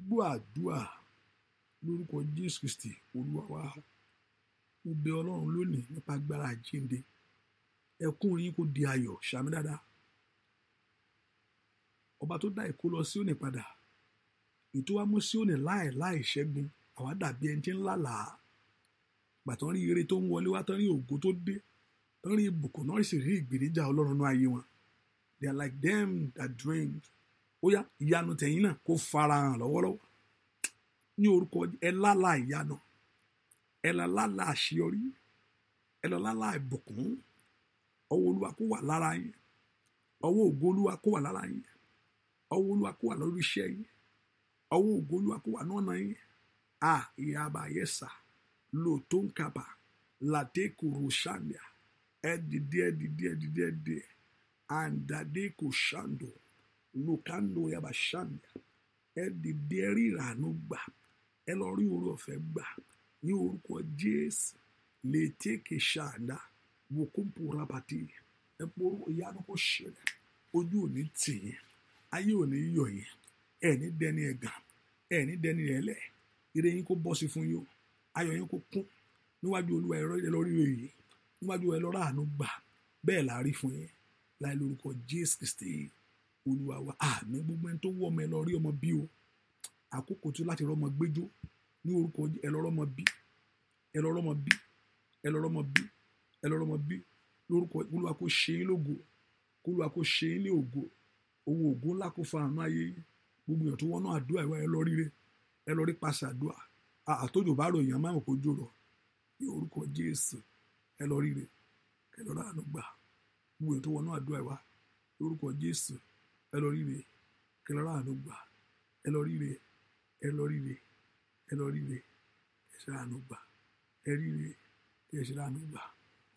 gbúàdúà lórúkọ jésù kristi olúwa wa mo bẹ ọlọ́run lónìí nípa agbára àjíǹde ẹkún yín kò di ayọ̀ ṣàmì ọba tó dá ìkó lọ sí òní padà ètò wa mú Síónì láì láì ṣẹ́gun àwa dàbí ẹni tí ń lálàá gbàtàn rí ire tó ń wọlé wá tán rí ògo tó dé tán rí ìbùkún náà sì rí ìgbèníjà Ọlọ́run náà ayé wọn they are like them that drink. ó yá ìyanu tẹ̀yìn náà kó farahàn lọ́wọ́lọ́wọ́ ní orúkọ ẹ lálà ìyanu ẹ lálà àṣeyọrí ẹ lálà ìbùkún ọwọ́ Olúwa kó wà lára yín ọwọ́ ògo Olúwa kó wà lára yín ọwọ́ Olúwa kó wà lórí iṣẹ́ yín ọwọ́ ògo olúwa kó wà ní ọ̀nà yín a ìyàbà yẹsà lóòótọ́ nkàbà làtẹ́kùrù sàmìà ẹ̀dìdì ẹ̀dìdì ẹ̀dìdì ẹ̀dìdì àǹdàdẹ́kù sàndò lùkàndò yàbà sàmìà ẹ̀dìdì ẹ̀rìrànú gbà ẹ lọ rí orí ọ̀fẹ́ gbà ní orúkọ jésù lẹ́tẹ̀kẹ̀ sàndà wòkúmpù rabàtì ẹ̀pọ̀ ìyanu kò ṣẹlẹ̀ ojú ò ní tì yín ayé ò ní yọ̀ yín ẹ̀ní dẹni ẹ̀gà ẹ̀ní dẹni ẹ̀lẹ́ ire yín kó bọ́ sí fún yín o ayọ̀ yín kó kún níwájú olúwa ẹ̀rọ ilẹ̀ lórí èyí níwájú ẹ̀ àánú gbà bẹ́ẹ̀ la rí fún yín láì lórúkọ Jésù Kristi olúwa wa àmì gbogbo ẹni tó wọ́ ọmọ ẹ ọmọ bí o àkókò tó láti rọ́mọ gbẹ́jọ́ ní orúkọ ẹ lọ rọ́mọ bí ẹ lọ rọ́mọ bí ẹ lọ rọ́mọ bí ẹ lọ rọ́mọ bí lórúkọ olúwa kó ṣe é lógo olúwa kó ṣe é lé ògo owó ògo ńlá kó fa àánú ayé yìí gbogbo èèyàn tó wọnú àdúrà ìwà ẹ lọ ríre ẹ lọ rí pàṣẹ àdúrà àtòjò bá rò èèyàn máa ń kojú rọ ní orúkọ Jésù ẹ lọ ríre ẹ lọ ráàánú gbà gbogbo èèyàn tó wọnú àdúrà ìwà ní orúkọ Jésù ẹ lọ ríre ẹ lọ ráàánú gbà ẹ lọ ríre ẹ lọ ríre ẹ lọ ríre ẹ ṣe ráàánú gbà ẹ ríre ẹ ṣe ráàánú gbà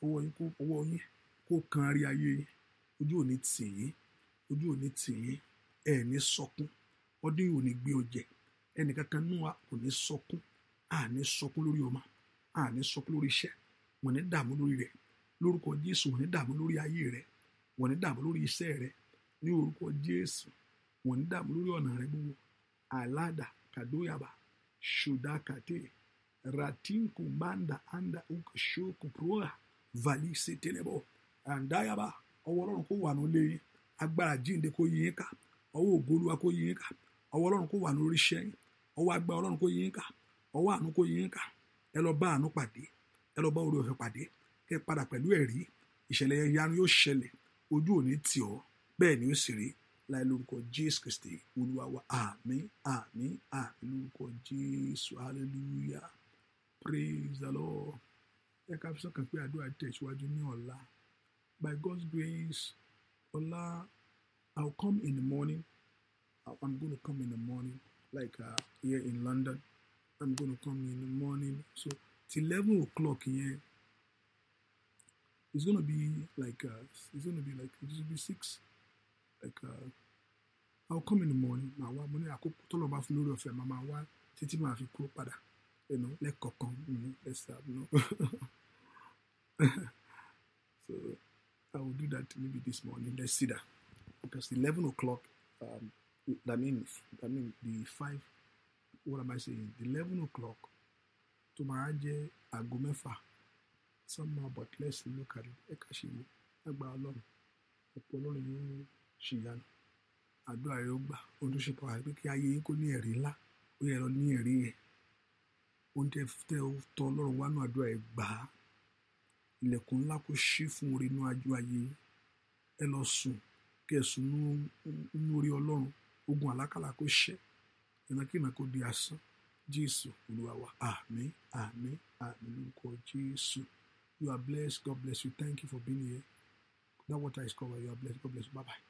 ọwọ́ yín ọwọ́ yín kó kan rí ayé yín ojú ò tì yín ojú ò tì yín ẹ ní sọkún ọdún yìí ò ní gbé ọ jẹ ẹnìkankan nínú wa kò ní sọkún àní sọkún lórí ọmọ àní sọkún lórí iṣẹ́ wọn ní dààmú lórí rẹ lórúkọ Jésù wọn ní dààmú lórí ayé rẹ wọn ní dààmú lórí iṣẹ́ rẹ ní orúkọ Jésù wọn ní dààmú lórí ọ̀nà rẹ gbogbo alada kadoyaba shudakate ratinku manda anda ukṣokuproa valise telebo andayaba ọwọ́ Ọlọ́run kó wà nílé agbára jíǹde kó yín ká ọwọ́ ògo Olúwa yín ká ọwọ́ ọlọ́run kó wà lórí iṣẹ́ yín ọwọ́ agbára ọlọ́run kó yín ká ọwọ́ àánú kó yín ká ẹ lọ bá àánú pàdé ẹ lọ bá oore ọ̀fẹ́ pàdé kẹ padà pẹ̀lú ẹ̀rí ìṣẹ̀lẹ̀ yanu yóò ṣẹlẹ̀ ojú ò tì ọ́ bẹ́ẹ̀ ni ó sì rí láì lórúkọ jésù kristi olúwa wa àmín àmín àmín lórúkọ jésù hallelujah praise the lord ẹ ká fi sọ́kàn pé àdúrà tẹ̀síwájú ní ọ̀la by God's grace ọ̀la I will come in the morning. I'm going to come in the morning, like uh, here in London. I'm going to come in the morning. So till 11 o'clock here, it's going to be like, uh, it's going to be like, it's going to be 6. Like, uh, I'll come in the morning. Màá wá, mo ní àkókò tó lọ bá fún lórí ọ̀fẹ́, màá wá títí màá fi kúrò Pada, You know, lẹ́kọ̀ọ̀kan, ẹsẹ̀ àbúrò. So I will do that maybe this morning. Let's see that. Because eleven o'clock, um, That means that means the five, what am I saying? The eleven o'clock To maraje agumefa aago mẹ́fà somehow but let's look at it. Ẹ ká ṣe wo lágbà ọlọ́run ọ̀pọ̀ ọlọ́run yóò ṣìyànjú. Àdúrà rẹ̀ ó gbà ohun tó ṣe pọ̀ àìpé kí ayé yín kó ní ẹ̀rí ńlá ó yẹ lọ ní ẹ̀rí yẹn. Ohun tẹ tẹ tọ ọlọ́run wá náà àdúrà ẹ̀ gbà á. Ilẹ̀kùn ńlá kó ogun àlákàlà kó ṣẹ́ ìnákìnà kó di asán jésù olúwa wa àmín àmín lórúkọ jésù you are blessed god bless you thank you for being here that water is covered you are blessed god bless you bye bye.